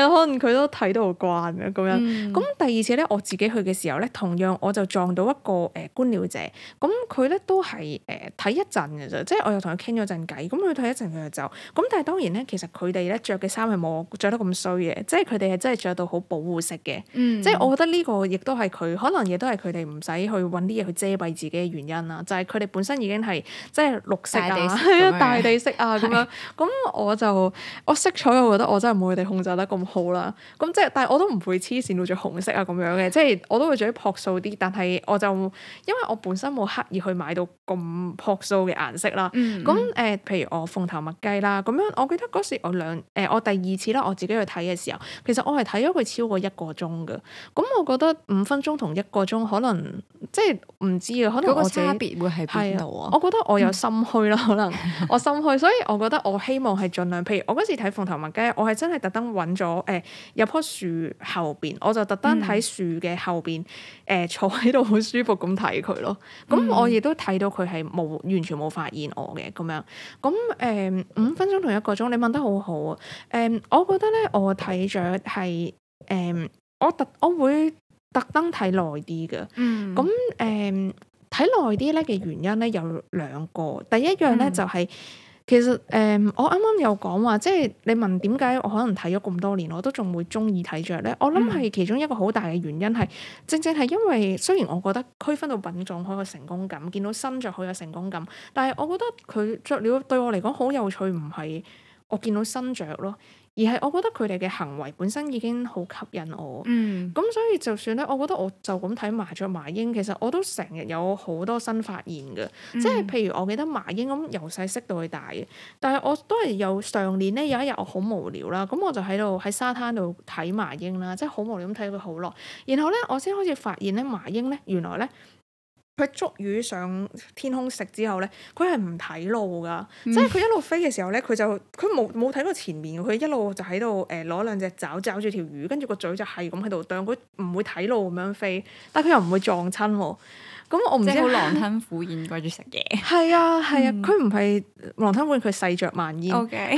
啊，可能佢都睇到好慣咁樣。咁、嗯、第二次咧我自己去嘅時候咧，同樣我就撞到一個誒觀鳥者。咁佢咧都係誒睇一陣嘅啫，即係我又同佢傾咗陣偈。咁佢睇一陣佢就走。咁但係當然咧，其實佢哋咧着嘅衫係冇我着得咁衰嘅，即係佢哋係真係着到好保護色嘅。嗯、即係我覺得呢個亦都係佢，可能亦都係佢哋唔使去揾啲嘢去遮蔽自己嘅原因啦，就係佢哋本身已經係，即係綠色啊，大地色啊、 大地色啊咁樣，咁是我就我色彩，我覺得我真係冇佢哋控制得咁好啦。咁即係，但係我都唔會黐線到着紅色啊咁樣嘅，即係，我都會着啲樸素啲。但係，我就因為我本身冇刻意去買到咁樸素嘅顏色啦。咁誒、嗯嗯呃、譬如我鳳頭麥雞啦，咁樣，我記得嗰時我兩誒、呃、我第二次啦，我自己去睇嘅時候，其實我係睇咗佢超過一個鐘嘅。咁我覺得五分鐘同一個鐘可。可能即係唔知啊，可能嗰個差別會喺邊度啊？我覺得我有心虛啦，可能我心虛， 所以我覺得我希望係盡量，譬如我嗰次睇鳳頭文雞，我係真係特登揾咗誒，有棵樹後邊，我就特登喺樹嘅後邊誒、呃、坐喺度，好舒服咁睇佢咯。咁我亦都睇到佢係冇完全冇發現我嘅咁樣。咁誒、呃、五分鐘同一個鐘，你問得好好啊。誒、呃，我覺得咧我睇咗係誒，我特我會。特登睇耐啲嘅，咁誒睇耐啲咧嘅原因咧有兩個，第一樣咧就係、是嗯、其實誒、嗯、我啱啱有講話，即、就、係、是、你問點解我可能睇咗咁多年，我都仲會鍾意睇雀咧，我諗係其中一個好大嘅原因係，嗯、正正係因為雖然我覺得區分到品種好有成功感，見到新雀好有成功感，但係我覺得佢着料對我嚟講好有趣，唔係我見到新雀咯。而係，我覺得佢哋嘅行為本身已經好吸引我。咁、嗯、所以就算咧，我覺得我就咁睇麻雀麻鷹，其實我都成日有好多新發現㗎。嗯、即係譬如我記得麻鷹咁由細識到佢大嘅，但係我都係有上年咧有一日我好無聊啦，咁我就喺度喺沙灘度睇麻鷹啦，即係好無聊咁睇佢好耐，然後咧我先開始發現咧麻鷹咧原來咧。佢捉魚上天空食之後咧，佢係唔睇路㗎，即係佢一路飛嘅時候咧，佢就佢冇冇睇到前面，佢一路就喺度誒攞兩隻爪抓住條魚，跟住個嘴就係咁喺度啄，佢唔會睇路咁樣飛，但佢又唔會撞親。咁我唔知，係狼吞虎咽，掛住食嘢。係啊係啊，佢唔係狼吞虎咽，佢細嚼慢咽。OK，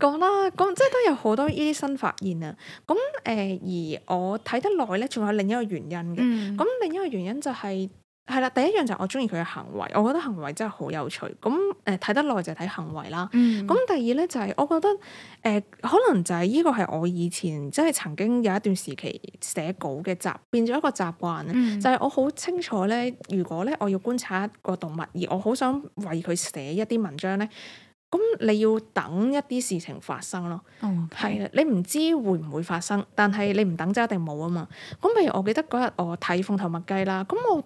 講 啦，咁即係都有好多呢啲新發現啊。咁誒，而我睇得耐咧，仲有另一個原因嘅。咁、嗯、另一個原因就係。係啦，第一樣就係我中意佢嘅行為，我覺得行為真係好有趣。咁誒睇得耐就睇行為啦。咁、嗯、第二咧就係、是，我覺得誒、呃、可能就係呢個係我以前即係、就是、曾經有一段時期寫稿嘅習變咗一個習慣，嗯、就係我好清楚咧，如果咧我要觀察一個動物，而我好想為佢寫一啲文章咧，咁你要等一啲事情發生咯。係啊、嗯，你唔知會唔會發生，但係你唔等就一定冇啊嘛。咁譬如我記得嗰日我睇鳳頭麥雞啦，咁我。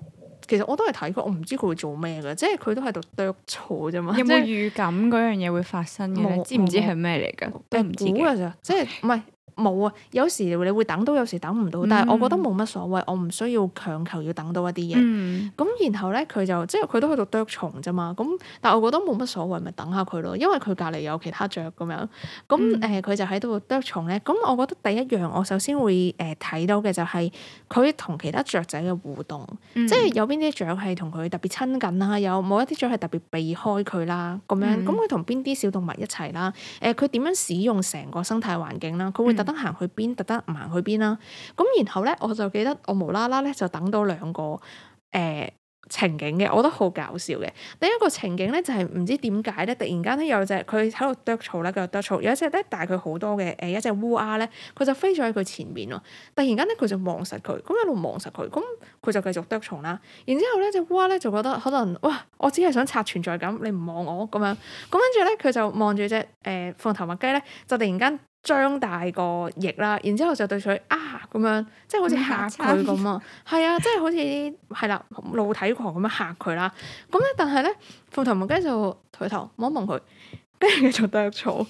其實我都係睇佢，我唔知佢會做咩㗎，即係佢都喺度啄草啫嘛。是有冇預感嗰樣嘢會發生嘅？你沒知唔知係咩嚟㗎？都唔知㗎咋，即係唔係？Okay. 冇啊！有時你會等到，有時等唔到。但係我覺得冇乜所謂，嗯、我唔需要強求要等到一啲嘢。咁、嗯、然後咧，佢就即係佢都喺度啄蟲啫嘛。咁但我覺得冇乜所謂，咪等下佢咯。因為佢隔離有其他雀咁樣。咁誒，佢、嗯呃、就喺度啄蟲咧。咁我覺得第一樣，我首先會誒睇、呃、到嘅就係佢同其他雀仔嘅互動，嗯、即係有邊啲雀係同佢特別親近啦，有冇一啲雀係特別避開佢啦咁樣。咁佢同邊啲小動物一齊啦，誒、呃，佢點樣使用成個生態環境啦，佢會特行去邊，特登唔行去邊啦。咁然後咧，我就記得我無啦啦咧就等到兩個誒、呃、情景嘅，我覺得好搞笑嘅。第一個情景咧就係、是、唔知點解咧，突然間咧有隻佢喺度啄蟲啦，佢又啄蟲。有一隻咧，大佢好多嘅誒，一隻烏鴉咧，佢就飛咗喺佢前面喎。突然間咧，佢就望實佢，咁一路望實佢，咁佢就繼續啄蟲啦。然之後咧，隻烏鴉咧就覺得可能哇，我只係想刷存在感，你唔望我咁樣。咁跟住咧，佢就望住隻誒鳳頭麥雞咧，就突然間。張大個翼啦，然之後就對住佢啊咁樣，即係好似嚇佢咁啊，係差啊，即係好似係啦，露 體狂咁樣嚇佢啦。咁咧，但係咧，鳳頭麥雞就抬頭望一望佢，跟住繼續啄草。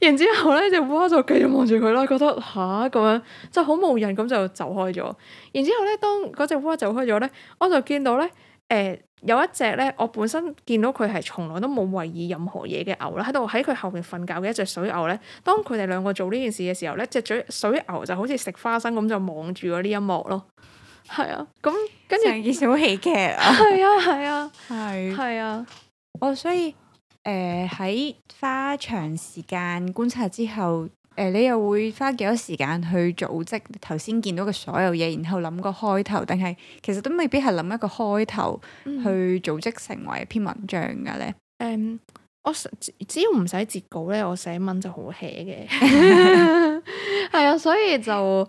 然之後咧，隻烏鴉就繼續望住佢啦，覺得吓咁、啊、樣，就好冇癮咁就走開咗。然之後咧，當嗰隻烏鴉走開咗咧，我就見到咧，誒、呃。有一隻咧，我本身見到佢係從來都冇為意任何嘢嘅牛啦，喺度喺佢後面瞓覺嘅一隻水牛咧，當佢哋兩個做呢件事嘅時候咧，隻嘴水牛就好似食花生咁，就望住咗呢一幕咯。係啊，咁跟住件事好喜劇啊！係啊，係啊，係係啊。哦、啊，啊 oh, 所以誒喺、呃、花長時間觀察之後。誒，你又會花幾多時間去組織頭先見到嘅所有嘢，然後諗個開頭，定係其實都未必係諗一個開頭去組織成為一篇文章嘅咧？誒、嗯嗯，我只要唔使截稿咧，我寫文就好 hea 嘅，係啊， 所以就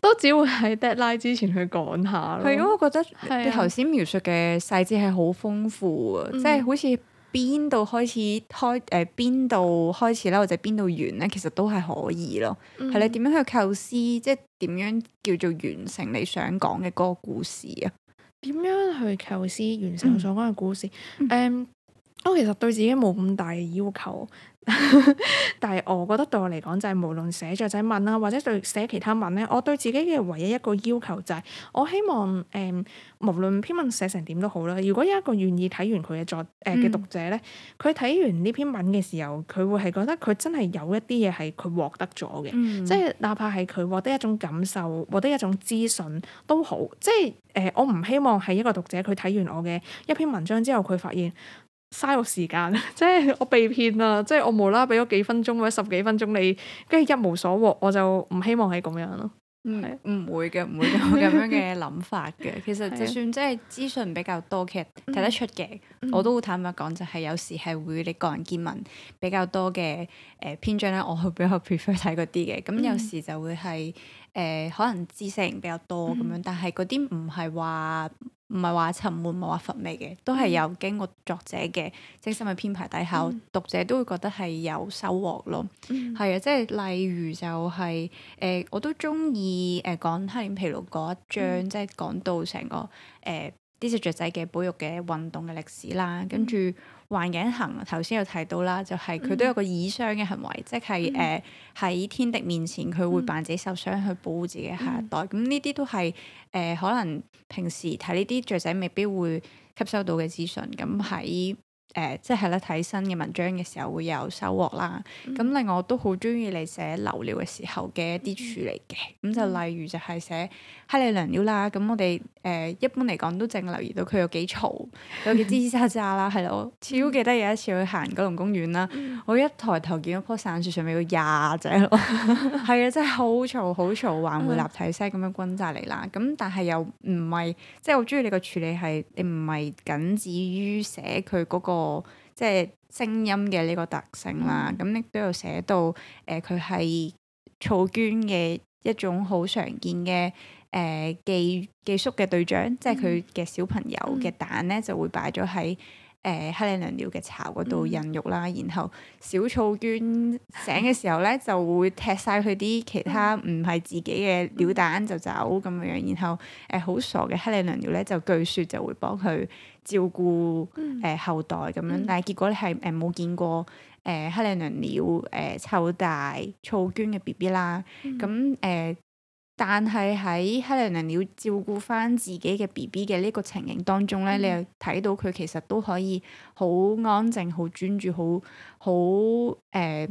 都只會喺 deadline 之前去講下咯。係，如果我覺得你頭先描述嘅細節係好豐富啊，即係好似。邊度開始開？誒邊度開始啦，或者邊度完呢？其實都係可以咯。係、嗯、你點樣去構思？即係點樣叫做完成你想講嘅嗰個故事啊？點樣去構思完成所想講嘅故事？誒、嗯，um, 我其實對自己冇咁大嘅要求。 但係，我覺得對我嚟講，就係、是、無論寫雀仔文啦，或者對寫其他文咧，我對自己嘅唯一一個要求就係、是，我希望誒、嗯，無論篇文寫成點都好啦。如果有一個願意睇完佢嘅作誒嘅讀者咧，佢睇、嗯、完呢篇文嘅時候，佢會係覺得佢真係有一啲嘢係佢獲得咗嘅，即係、嗯、哪怕係佢獲得一種感受，獲得一種資訊都好。即係誒，我唔希望係一個讀者，佢睇完我嘅一篇文章之後，佢發現。嘥我時間，即係我被騙啦！即係我無啦，俾咗幾分鐘或者十幾分鐘，你跟住一無所獲，我就唔希望係咁樣咯。唔係、嗯啊、唔會嘅，唔會有咁樣嘅諗法嘅。其實就算即係資訊比較多，其實睇得出嘅，嗯、我都好坦白講，就係、是、有時係會你個人見聞比較多嘅誒篇章咧，呃、我會比較 prefer 睇嗰啲嘅。咁有時就會係誒、呃、可能知識型比較多咁樣，但係嗰啲唔係話。唔係話沉悶，唔係話乏味嘅，都係有經過作者嘅精心嘅編排底下，嗯、讀者都會覺得係有收穫咯。係啊、嗯，即係例如就係、是、誒、呃，我都中意誒講黑臉琵鷺嗰一章，嗯、即係講到成個誒呢隻雀仔嘅保育嘅運動嘅歷史啦，跟住，嗯環境行，頭先有提到啦，就係、是、佢都有個擬傷嘅行為，嗯、即係誒喺天敵面前，佢會扮自己受傷去保護自己下一代。咁呢啲都係誒、呃、可能平時睇呢啲雀仔未必會吸收到嘅資訊。咁喺誒，即係咧睇新嘅文章嘅時候會有收穫啦。咁、嗯、另外我都好中意你寫留鳥嘅時候嘅一啲處理嘅。咁、嗯、就例如就係寫、嗯、黑臉噪鶥啦。咁我哋誒、呃、一般嚟講都淨留意到佢有幾嘈，有幾吱吱喳喳啦。係啦、啊，我超記得有一次去行九龍公園啦，嗯、我一抬頭見到一棵散樹上面有廿隻咯，係 啊，真係好嘈好嘈，還會立體聲咁樣轟炸、嗯就是、你啦。咁但係又唔係，即係我中意你個處理係，你唔係僅止於寫佢嗰、那個。個即係聲音嘅呢個特性啦，咁亦都有寫到，誒、呃，佢係噪鵑嘅一種好常見嘅誒寄寄宿嘅對象，嗯、即係佢嘅小朋友嘅蛋呢，就會擺咗喺。誒黑領椋鳥嘅巢嗰度孕育啦，嗯、然後小噪鵑醒嘅時候咧，就會踢晒佢啲其他唔係自己嘅鳥蛋就走咁、嗯、樣，然後誒好、呃、傻嘅黑領椋鳥咧，就據説就會幫佢照顧誒、呃、後代咁樣，嗯、但係結果咧係誒冇見過誒黑領椋鳥誒湊、呃、大噪鵑嘅 B B 啦，咁誒、嗯。但係喺黑領椋鳥照顧翻自己嘅 B B 嘅呢個情形當中咧，嗯、你又睇到佢其實都可以好安靜、好專注、好好誒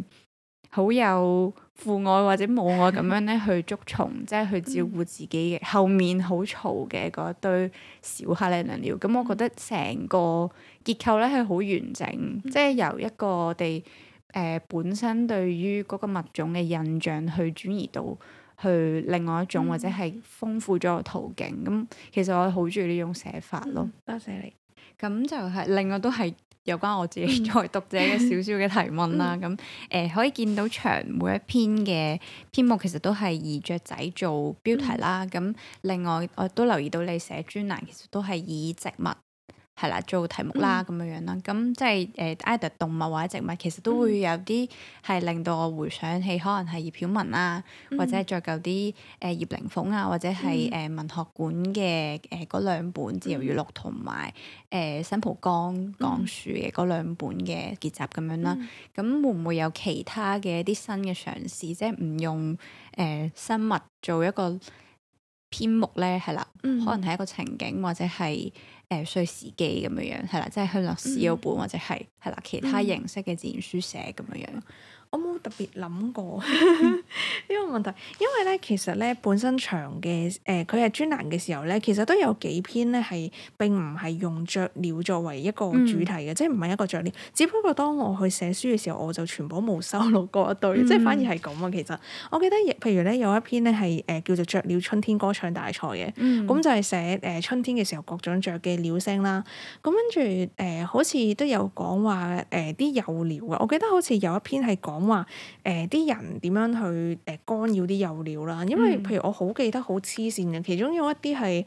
好有父愛或者母愛咁樣咧去捉蟲， 即係去照顧自己嘅、嗯、後面好嘈嘅嗰一堆小黑領椋鳥。咁我覺得成個結構咧係好完整，嗯、即係由一個我哋誒、呃、本身對於嗰個物種嘅印象去轉移到，去另外一種或者係豐富咗個途徑，咁、嗯、其實我好中意呢種寫法咯。多、嗯、謝,謝你。咁就係、是、另外都係有關我自己作為讀者嘅少少嘅提問啦。咁誒、嗯呃、可以見到場每一篇嘅篇目其實都係以雀仔做標題啦。咁、嗯、另外我都留意到你寫專欄其實都係以植物。係啦，做題目啦咁、嗯、樣樣啦，咁即係誒，挨、呃、到動物或者植物，其實都會有啲係令到我回想起，可能係葉曉文啊，嗯、或者着舊啲誒、呃、葉靈鳳啊，或者係誒、嗯呃、文學館嘅誒嗰兩本《自由與樂》同埋誒新蒲崗講樹嘅嗰兩本嘅結集咁樣啦。咁、嗯、會唔會有其他嘅一啲新嘅嘗試，即係唔用誒、呃、生物做一個篇目咧？係啦，可能係一個情景或者係。誒，需時機咁樣樣，係啦，即係去落紙嗰本、嗯、或者係係啦，其他形式嘅自然書寫咁樣樣。嗯我冇特別諗過呢個問題，因為咧其實咧本身長嘅誒，佢、呃、係專欄嘅時候咧，其實都有幾篇咧係並唔係用雀鳥作為一個主題嘅，嗯、即係唔係一個雀鳥，只不過當我去寫書嘅時候，我就全部冇收錄嗰一堆，嗯、即係反而係咁啊。其實我記得亦譬如咧有一篇咧係誒叫做《雀鳥春天歌唱大賽》嘅、嗯，咁就係寫誒、呃、春天嘅時候各種雀嘅鳥聲啦。咁跟住誒、呃呃、好似都有講話誒啲幼鳥啊，我記得好似有一篇係講。咁話誒，啲、呃、人點樣去誒、呃、干擾啲幼鳥啦？因為譬如我好記得好黐線嘅，其中有一啲係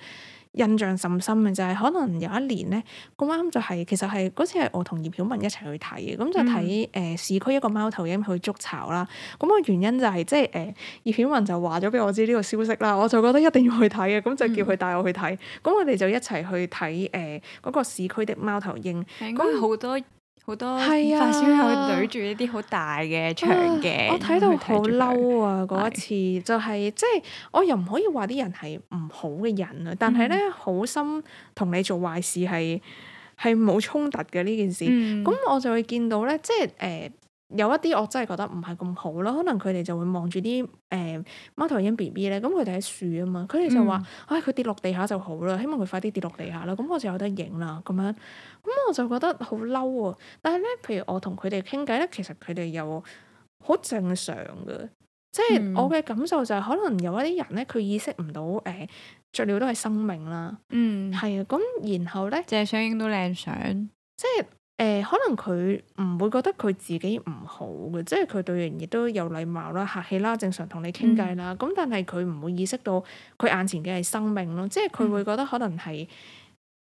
印象甚深嘅，就是，就係可能有一年咧咁啱就係，是，其實係嗰次係我同葉曉文一齊去睇嘅，咁就睇誒、呃、市區一個貓頭鷹去捉巢啦。咁個原因就係，是、即係誒葉曉文就話咗俾我知呢個消息啦，我就覺得一定要去睇嘅，咁就叫佢帶我去睇。咁、嗯、我哋就一齊去睇誒嗰個市區的貓頭鷹，應該好多好多發燒友對住呢啲好大嘅長鏡、啊，我睇到好嬲啊！嗰一次是就係即係，我又唔可以話啲人係唔好嘅人啊，但係呢，嗯、好心同你做壞事係係冇衝突嘅呢件事，咁、嗯、我就會見到呢，即係誒。呃有一啲我真係覺得唔係咁好囉，可能佢哋就會望住啲誒貓頭鷹 B B 咧，咁佢哋喺樹啊嘛，佢哋就話，唉、嗯，佢、哎、跌落地下就好啦，希望佢快啲跌落地下啦，咁我就有得影啦，咁樣，咁我就覺得好嬲喎。但係咧，譬如我同佢哋傾偈咧，其實佢哋又好正常㗎，即係我嘅感受就係、是嗯、可能有一啲人咧，佢意識唔到誒、欸、雀鳥都係生命啦，嗯，係啊，咁然後咧，淨係想影到靚相，即係。誒、呃、可能佢唔會覺得佢自己唔好嘅，即係佢對人亦都有禮貌啦、客氣啦、正常同你傾偈啦。咁、嗯、但係佢唔會意識到佢眼前嘅係生命咯，即係佢會覺得可能係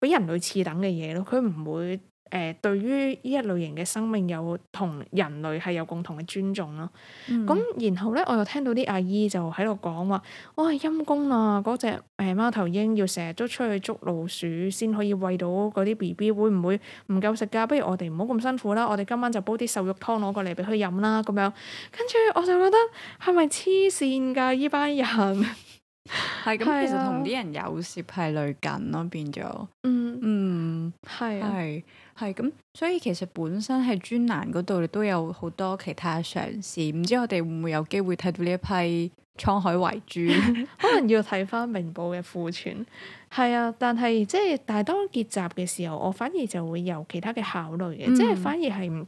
俾人類次等嘅嘢咯，佢唔會。誒、呃，對於呢一類型嘅生命有同人類係有共同嘅尊重咯、啊。咁、mm. 然後咧，我又聽到啲阿姨就喺度講話：哇，陰公啦，嗰隻誒貓頭鷹要成日都出去捉老鼠先可以餵到嗰啲 B B，會唔會唔夠食噶？不如我哋唔好咁辛苦啦，我哋今晚就煲啲瘦肉湯攞過嚟俾佢飲啦。咁樣跟住我就覺得係咪黐線㗎？呢班人係咁其實同啲人有涉係類近咯，變咗嗯嗯係係。係咁，所以其實本身喺專欄嗰度，都有好多其他嘗試。唔知我哋會唔會有機會睇到呢一批滄海遺珠？ 可能要睇翻明報嘅庫存。係啊， 但係即係，但、就、係、是、當結集嘅時候，我反而就會有其他嘅考慮嘅，即係、嗯、反而係唔。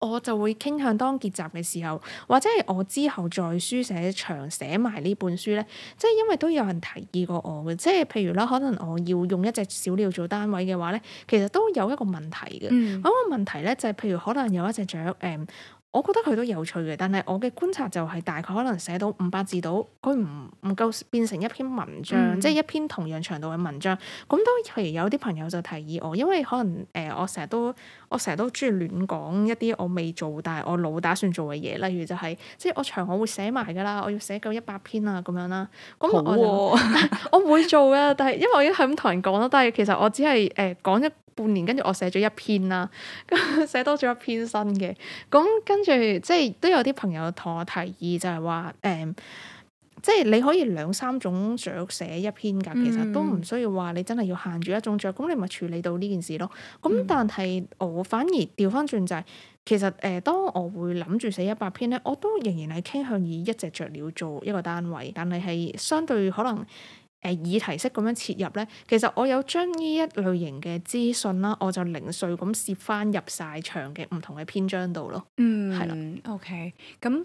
我就會傾向當結集嘅時候，或者係我之後再書寫長寫埋呢本書咧，即係因為都有人提議過我嘅，即係譬如啦，可能我要用一隻小鳥做單位嘅話咧，其實都有一個問題嘅。嗰個、嗯、問題咧就係、是，譬如可能有一隻雀誒。嗯我覺得佢都有趣嘅，但係我嘅觀察就係大概可能寫到五百字度，佢唔唔夠變成一篇文章，嗯、即係一篇同樣長度嘅文章。咁都係有啲朋友就提議我，因為可能誒、呃、我成日都我成日都中意亂講一啲我未做但係我老打算做嘅嘢，例如就係、是、即係我長我會寫埋噶啦，我要寫夠一百篇啊咁樣啦。咁 我我唔會做嘅，但係因為我已經係咁同人講啦。但係其實我只係誒、呃、講一，半年，跟住我寫咗一篇啦，寫 多咗一篇新嘅。咁跟住即係都有啲朋友同我提議，就係、是、話，誒、嗯，即係你可以兩三種雀寫一篇噶，嗯、其實都唔需要話你真係要限住一種雀。咁你咪處理到呢件事咯。咁、嗯、但係我反而調翻轉就係、是，其實誒、呃，當我會諗住寫一百篇咧，我都仍然係傾向以一隻雀鳥做一個單位，但係係相對可能。誒，議題式咁樣切入咧，其實我有將呢一類型嘅資訊啦，我就零碎咁攝翻入晒場嘅唔同嘅篇章度咯。嗯，係啦。OK，咁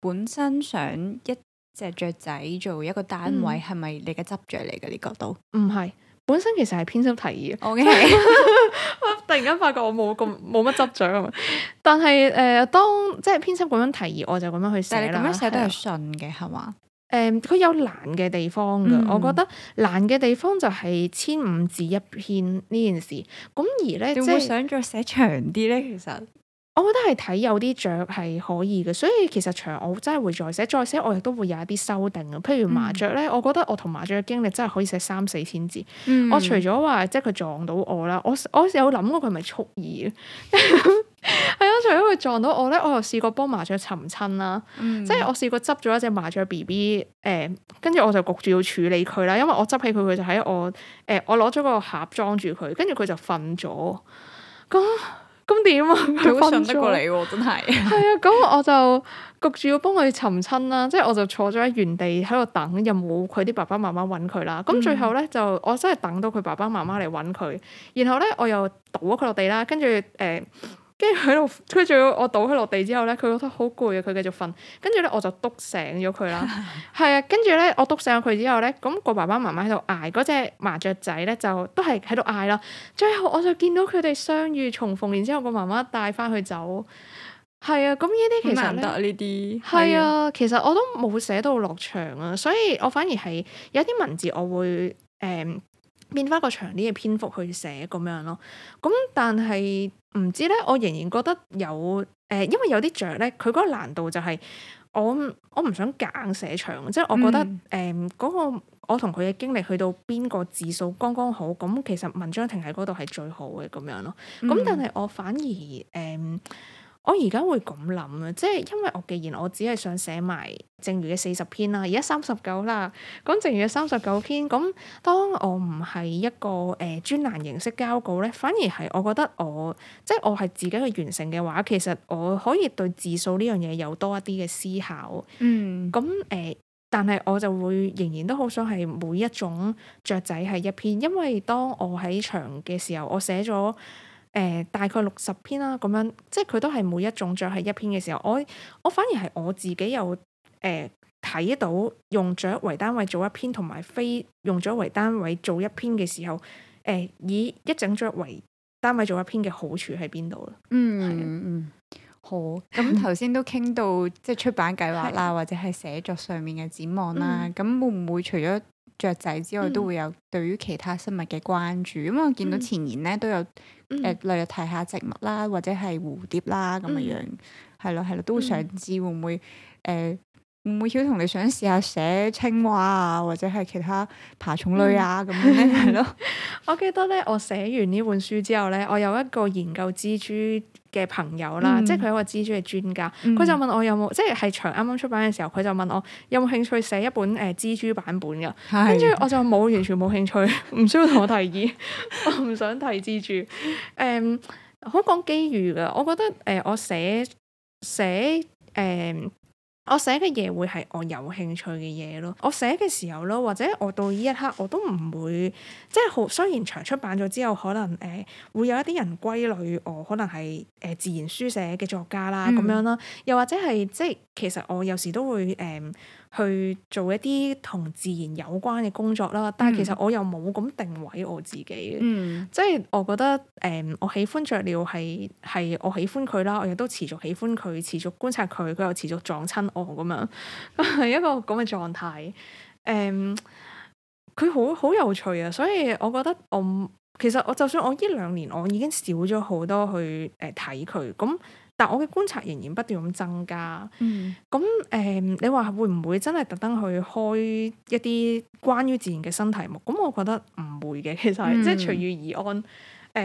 本身想一隻雀仔做一個單位，係咪、嗯、你嘅執着嚟嘅？你覺得唔係，本身其實係編輯提議。k Okay. 突然間發覺我冇咁冇乜執着啊嘛， 但係誒、呃，當即係編輯咁樣提議，我就咁樣去寫啦。但係咁樣寫都係信嘅，係嘛 you know?？ 誒，佢、嗯、有難嘅地方噶，嗯、我覺得難嘅地方就係千五字一篇呢件事。咁而咧，即係實想再寫長啲咧，其實我覺得係睇有啲雀係可以嘅。所以其實長，我真係會再寫，再寫我亦都會有一啲修訂。譬如麻雀咧，嗯、我覺得我同麻雀嘅經歷真係可以寫三四千字。嗯、我除咗話即係佢撞到我啦，我我有諗過佢係咪蓄意。 係啊，除咗佢撞到我咧，我又試過幫麻雀尋親啦，嗯、即係我試過執咗一隻麻雀 B B，誒、呃，跟住我就焗住要處理佢啦，因為我執起佢，佢就喺我，誒、呃，我攞咗個盒裝住佢，跟住佢就瞓咗，咁咁點啊？佢好信得過你喎，真係係 啊，咁我就焗住要幫佢尋親啦，即係我就坐咗喺原地喺度等，任冇佢啲爸爸媽媽揾佢啦？咁、嗯、最後咧就我真係等到佢爸爸媽媽嚟揾佢，然後咧我又倒咗佢落地啦，跟住誒。呃呃跟住喺度，佢仲要我倒佢落地之後咧，佢覺得好攰啊，佢繼續瞓。跟住咧，我就篤醒咗佢啦。係啊， 跟住咧，我篤醒咗佢之後咧，咁個爸爸媽媽喺度嗌，嗰隻麻雀仔咧就都係喺度嗌啦。最後我就見到佢哋相遇重逢，然之後個媽媽帶翻佢走。係啊，咁呢啲其實唔得啊，呢啲係啊，其實我都冇寫到落場啊，所以我反而係有啲文字我會誒。嗯變翻個長啲嘅篇幅去寫咁樣咯，咁但係唔知咧，我仍然覺得有誒、呃，因為有啲雀咧，佢嗰個難度就係、是、我我唔想夾硬寫長，嗯、即係我覺得誒嗰、呃那個我同佢嘅經歷去到邊個字數剛剛好，咁其實文章停喺嗰度係最好嘅咁樣咯。咁、嗯、但係我反而誒。呃我而家會咁諗啊，即係因為我既然我只係想寫埋剩餘嘅四十篇啦，而家三十九啦，咁剩餘嘅三十九篇，咁當我唔係一個誒、呃、專欄形式交稿咧，反而係我覺得我即係我係自己去完成嘅話，其實我可以對字數呢樣嘢有多一啲嘅思考。嗯，咁誒、呃，但係我就會仍然都好想係每一種雀仔係一篇，因為當我喺場嘅時候，我寫咗。誒、呃，大概六十篇啦，咁樣即係佢都係每一種雀係一篇嘅時候，我我反而係我自己有誒睇、呃、到用雀為單位做一篇，同埋非用雀為單位做一篇嘅時候，誒、呃、以一整雀為單位做一篇嘅好處喺邊度咧？嗯、啊、嗯好。咁頭先都傾到即係、就是、出版計劃啦，嗯、或者係寫作上面嘅展望啦，咁、啊嗯、會唔會除咗雀仔之外，都、嗯、會有對於其他生物嘅關注？因為我見到前言咧都有。誒、呃，例如睇下植物啦，或者係蝴蝶啦咁嘅樣，係咯係咯，都想知會唔會？誒、呃，會唔會曉彤你想試下寫青蛙啊，或者係其他爬蟲類啊咁、嗯、樣咧，係咯。我記得咧，我寫完呢本書之後咧，我有一個研究蜘蛛嘅朋友啦，嗯、即係佢係一個蜘蛛嘅專家，佢、嗯、就問我有冇，即係係翔啱啱出版嘅時候，佢就問我有冇興趣寫一本誒、呃、蜘蛛版本嘅，跟住是我就冇完全冇興趣，唔 需要同我提議。 我唔想提蜘蛛，誒、um, 好講機遇㗎，我覺得誒、呃、我寫寫誒。呃我寫嘅嘢會係我有興趣嘅嘢咯，我寫嘅時候咯，或者我到呢一刻我都唔會，即係好雖然長出版咗之後，可能誒、呃、會有一啲人歸類我，可能係誒、呃、自然書寫嘅作家啦咁、嗯、樣啦，又或者係即係其實我有時都會誒。呃去做一啲同自然有關嘅工作啦，但係其實我又冇咁定位我自己嘅，嗯、即係我覺得誒、嗯，我喜歡雀鳥係係我喜歡佢啦，我亦都持續喜歡佢，持續觀察佢，佢又持續撞親我咁樣，係 一個咁嘅狀態。誒、嗯，佢好好有趣啊，所以我覺得我其實我就算我呢兩年我已經少咗好多去誒睇佢咁。呃但我嘅觀察仍然不斷咁增加，咁誒、嗯呃，你話會唔會真係特登去開一啲關於自然嘅新題目？咁我覺得唔會嘅，其實、嗯、即係隨遇而安。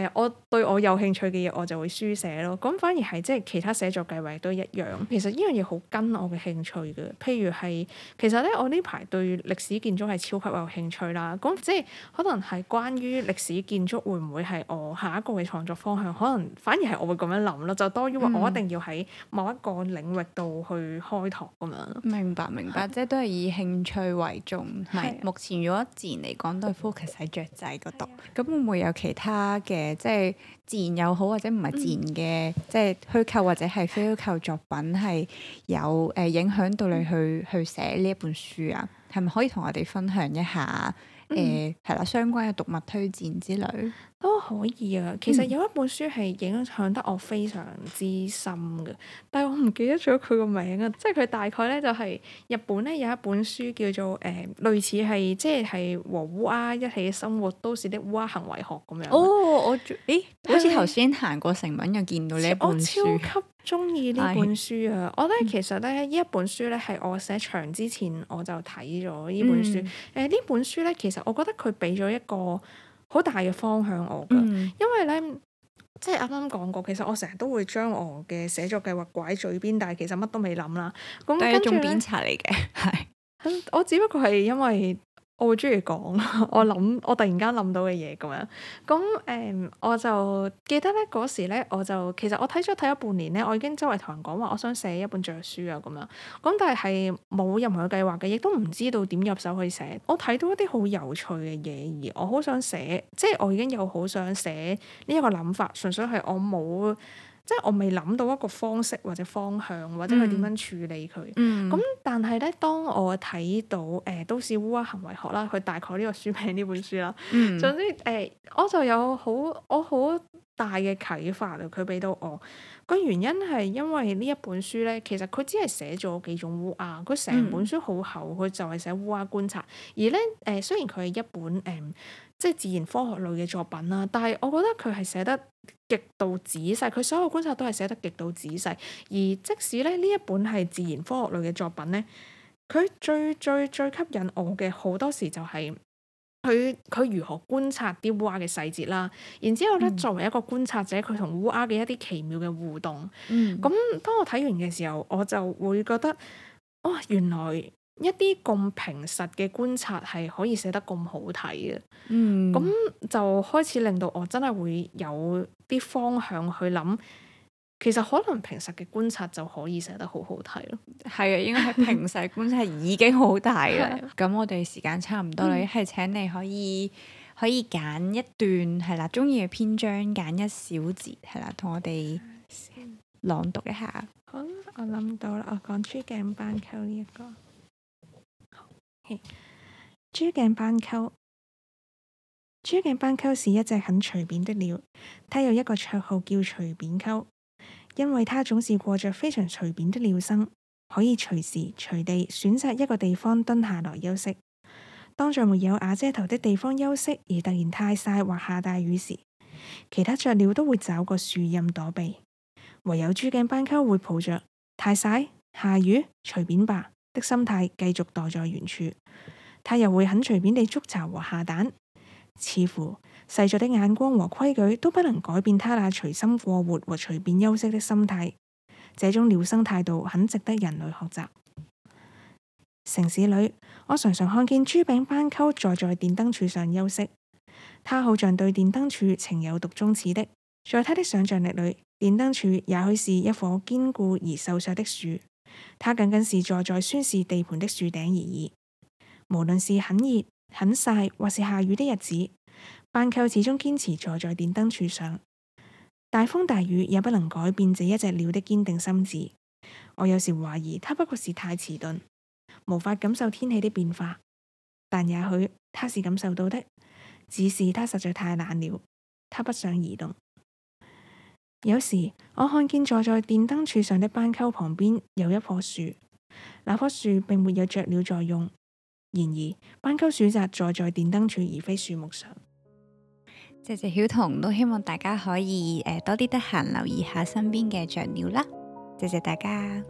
誒，我對我有興趣嘅嘢我就會書寫咯。咁反而係即係其他寫作計劃都一樣。其實呢樣嘢好跟我嘅興趣㗎。譬如係，其實咧我呢排對歷史建築係超級有興趣啦。咁即係可能係關於歷史建築會唔會係我下一個嘅創作方向？可能反而係我會咁樣諗咯。就多於話我一定要喺某一個領域度去開拓咁樣。明白明白，是即係都係以興趣為重。係、啊、目前如果自然嚟講都係 focus 喺雀仔嗰度。咁、啊、會唔會有其他嘅？誒，即係自然又好，或者唔係自然嘅，嗯、即係虛構或者係非虛構作品，係有誒影響到你去、嗯、去寫呢一本書啊？係咪可以同我哋分享一下？誒，係啦，相關嘅讀物推薦之類都可以啊。其實有一本書係影響得我非常之深嘅，嗯、但係我唔記得咗佢個名啊。即係佢大概咧就係、是、日本咧有一本書叫做誒、呃、類似係即係係和烏鴉一起生活都市的烏鴉行為學咁樣。哦，我咦，好似頭先行過成文，又見到呢一本書。哦，超級中意呢本書啊！哎、我覺得其實咧，呢一本書咧係我寫長之前我就睇咗呢本書。誒、嗯，呢、呃、本書咧，其實我覺得佢俾咗一個好大嘅方向我㗎，嗯、因為咧，即係啱啱講過，其實我成日都會將我嘅寫作計劃拐嘴邊，但係其實乜都未諗啦。咁係一種鞭策嚟嘅，係。我只不過係因為。我會中意講，我諗我突然間諗到嘅嘢咁樣，咁誒、嗯，我就記得咧嗰時咧，我就其實我睇咗睇咗半年咧，我已經周圍同人講話，我想寫一本着書啊咁樣，咁但係係冇任何計劃嘅，亦都唔知道點入手去寫。我睇到一啲好有趣嘅嘢，而我好想寫，即、就、係、是、我已經有好想寫呢一個諗法，純粹係我冇。即係我未諗到一個方式或者方向或者佢點樣處理佢，咁、嗯、但係咧，當我睇到誒、呃、都市烏鴉行為學啦，佢大概呢個書名呢本書啦，嗯、總之誒、呃、我就有好我好大嘅啟發啦，佢俾到我個原因係因為呢一本書咧，其實佢只係寫咗幾種烏鴉，佢成本書好厚，佢就係寫烏鴉觀察，而咧誒、呃、雖然佢係一本誒。嗯即係自然科學類嘅作品啦，但係我覺得佢係寫得極度仔細，佢所有觀察都係寫得極度仔細。而即使咧呢一本係自然科學類嘅作品咧，佢最最最吸引我嘅好多時就係佢佢如何觀察啲烏鴉嘅細節啦。然之後咧，作為一個觀察者，佢同烏鴉嘅一啲奇妙嘅互動。嗯。咁當我睇完嘅時候，我就會覺得，哦，原來。一啲咁平實嘅觀察係可以寫得咁好睇嘅。咁、嗯、就開始令到我真係會有啲方向去諗，其實可能平實嘅觀察就可以寫得好好睇咯。係啊，應該係平實嘅觀察係已經好好睇啦。咁 我哋時間差唔多啦，係、嗯、請你可以可以揀一段係啦，中意嘅篇章揀一小節係啦，同我哋朗讀一下。先好，我諗到啦，我講珠頸斑鳩呢一個。珠頸斑鳩，珠頸斑鳩是一隻很隨便的鳥，它有一個綽號叫隨便鳩，因為它總是過着非常隨便的鳥生，可以隨時隨地選擇一個地方蹲下來休息。當在沒有瓦遮頭的地方休息，而突然太曬或下大雨時，其他雀鳥都會找個樹蔭躲避，唯有珠頸斑鳩會抱着太曬下雨隨便吧的心態繼續待在原處，它又會很隨便地築巢和下蛋，似乎世俗的眼光和規矩都不能改變它那隨心過活和隨便休息的心態。這種鳥生態度很值得人類學習。城市裏，我常常看見珠頸斑鳩坐在電燈柱上休息，它好像對電燈柱情有獨鐘似的，在它的想象力裏，電燈柱也許是一棵堅固而瘦削的樹。它僅僅是坐在宣示地盤的樹頂而已。無論是很熱、很曬，或是下雨的日子，斑鳩始終堅持坐在電燈柱上。大風大雨也不能改變這一隻鳥的堅定心智。我有時懷疑它不過是太遲鈍，無法感受天氣的變化。但也許他是感受到的，只是他實在太懶了，他不想移動。有時我看見坐在電燈柱上的斑鳩，旁邊有一棵樹，那棵樹並沒有雀鳥在用。然而，斑鳩選擇坐在電燈柱，而非樹木上。謝謝曉彤，都希望大家可以，呃、多啲得閒留意一下身邊嘅雀鳥啦。謝謝大家。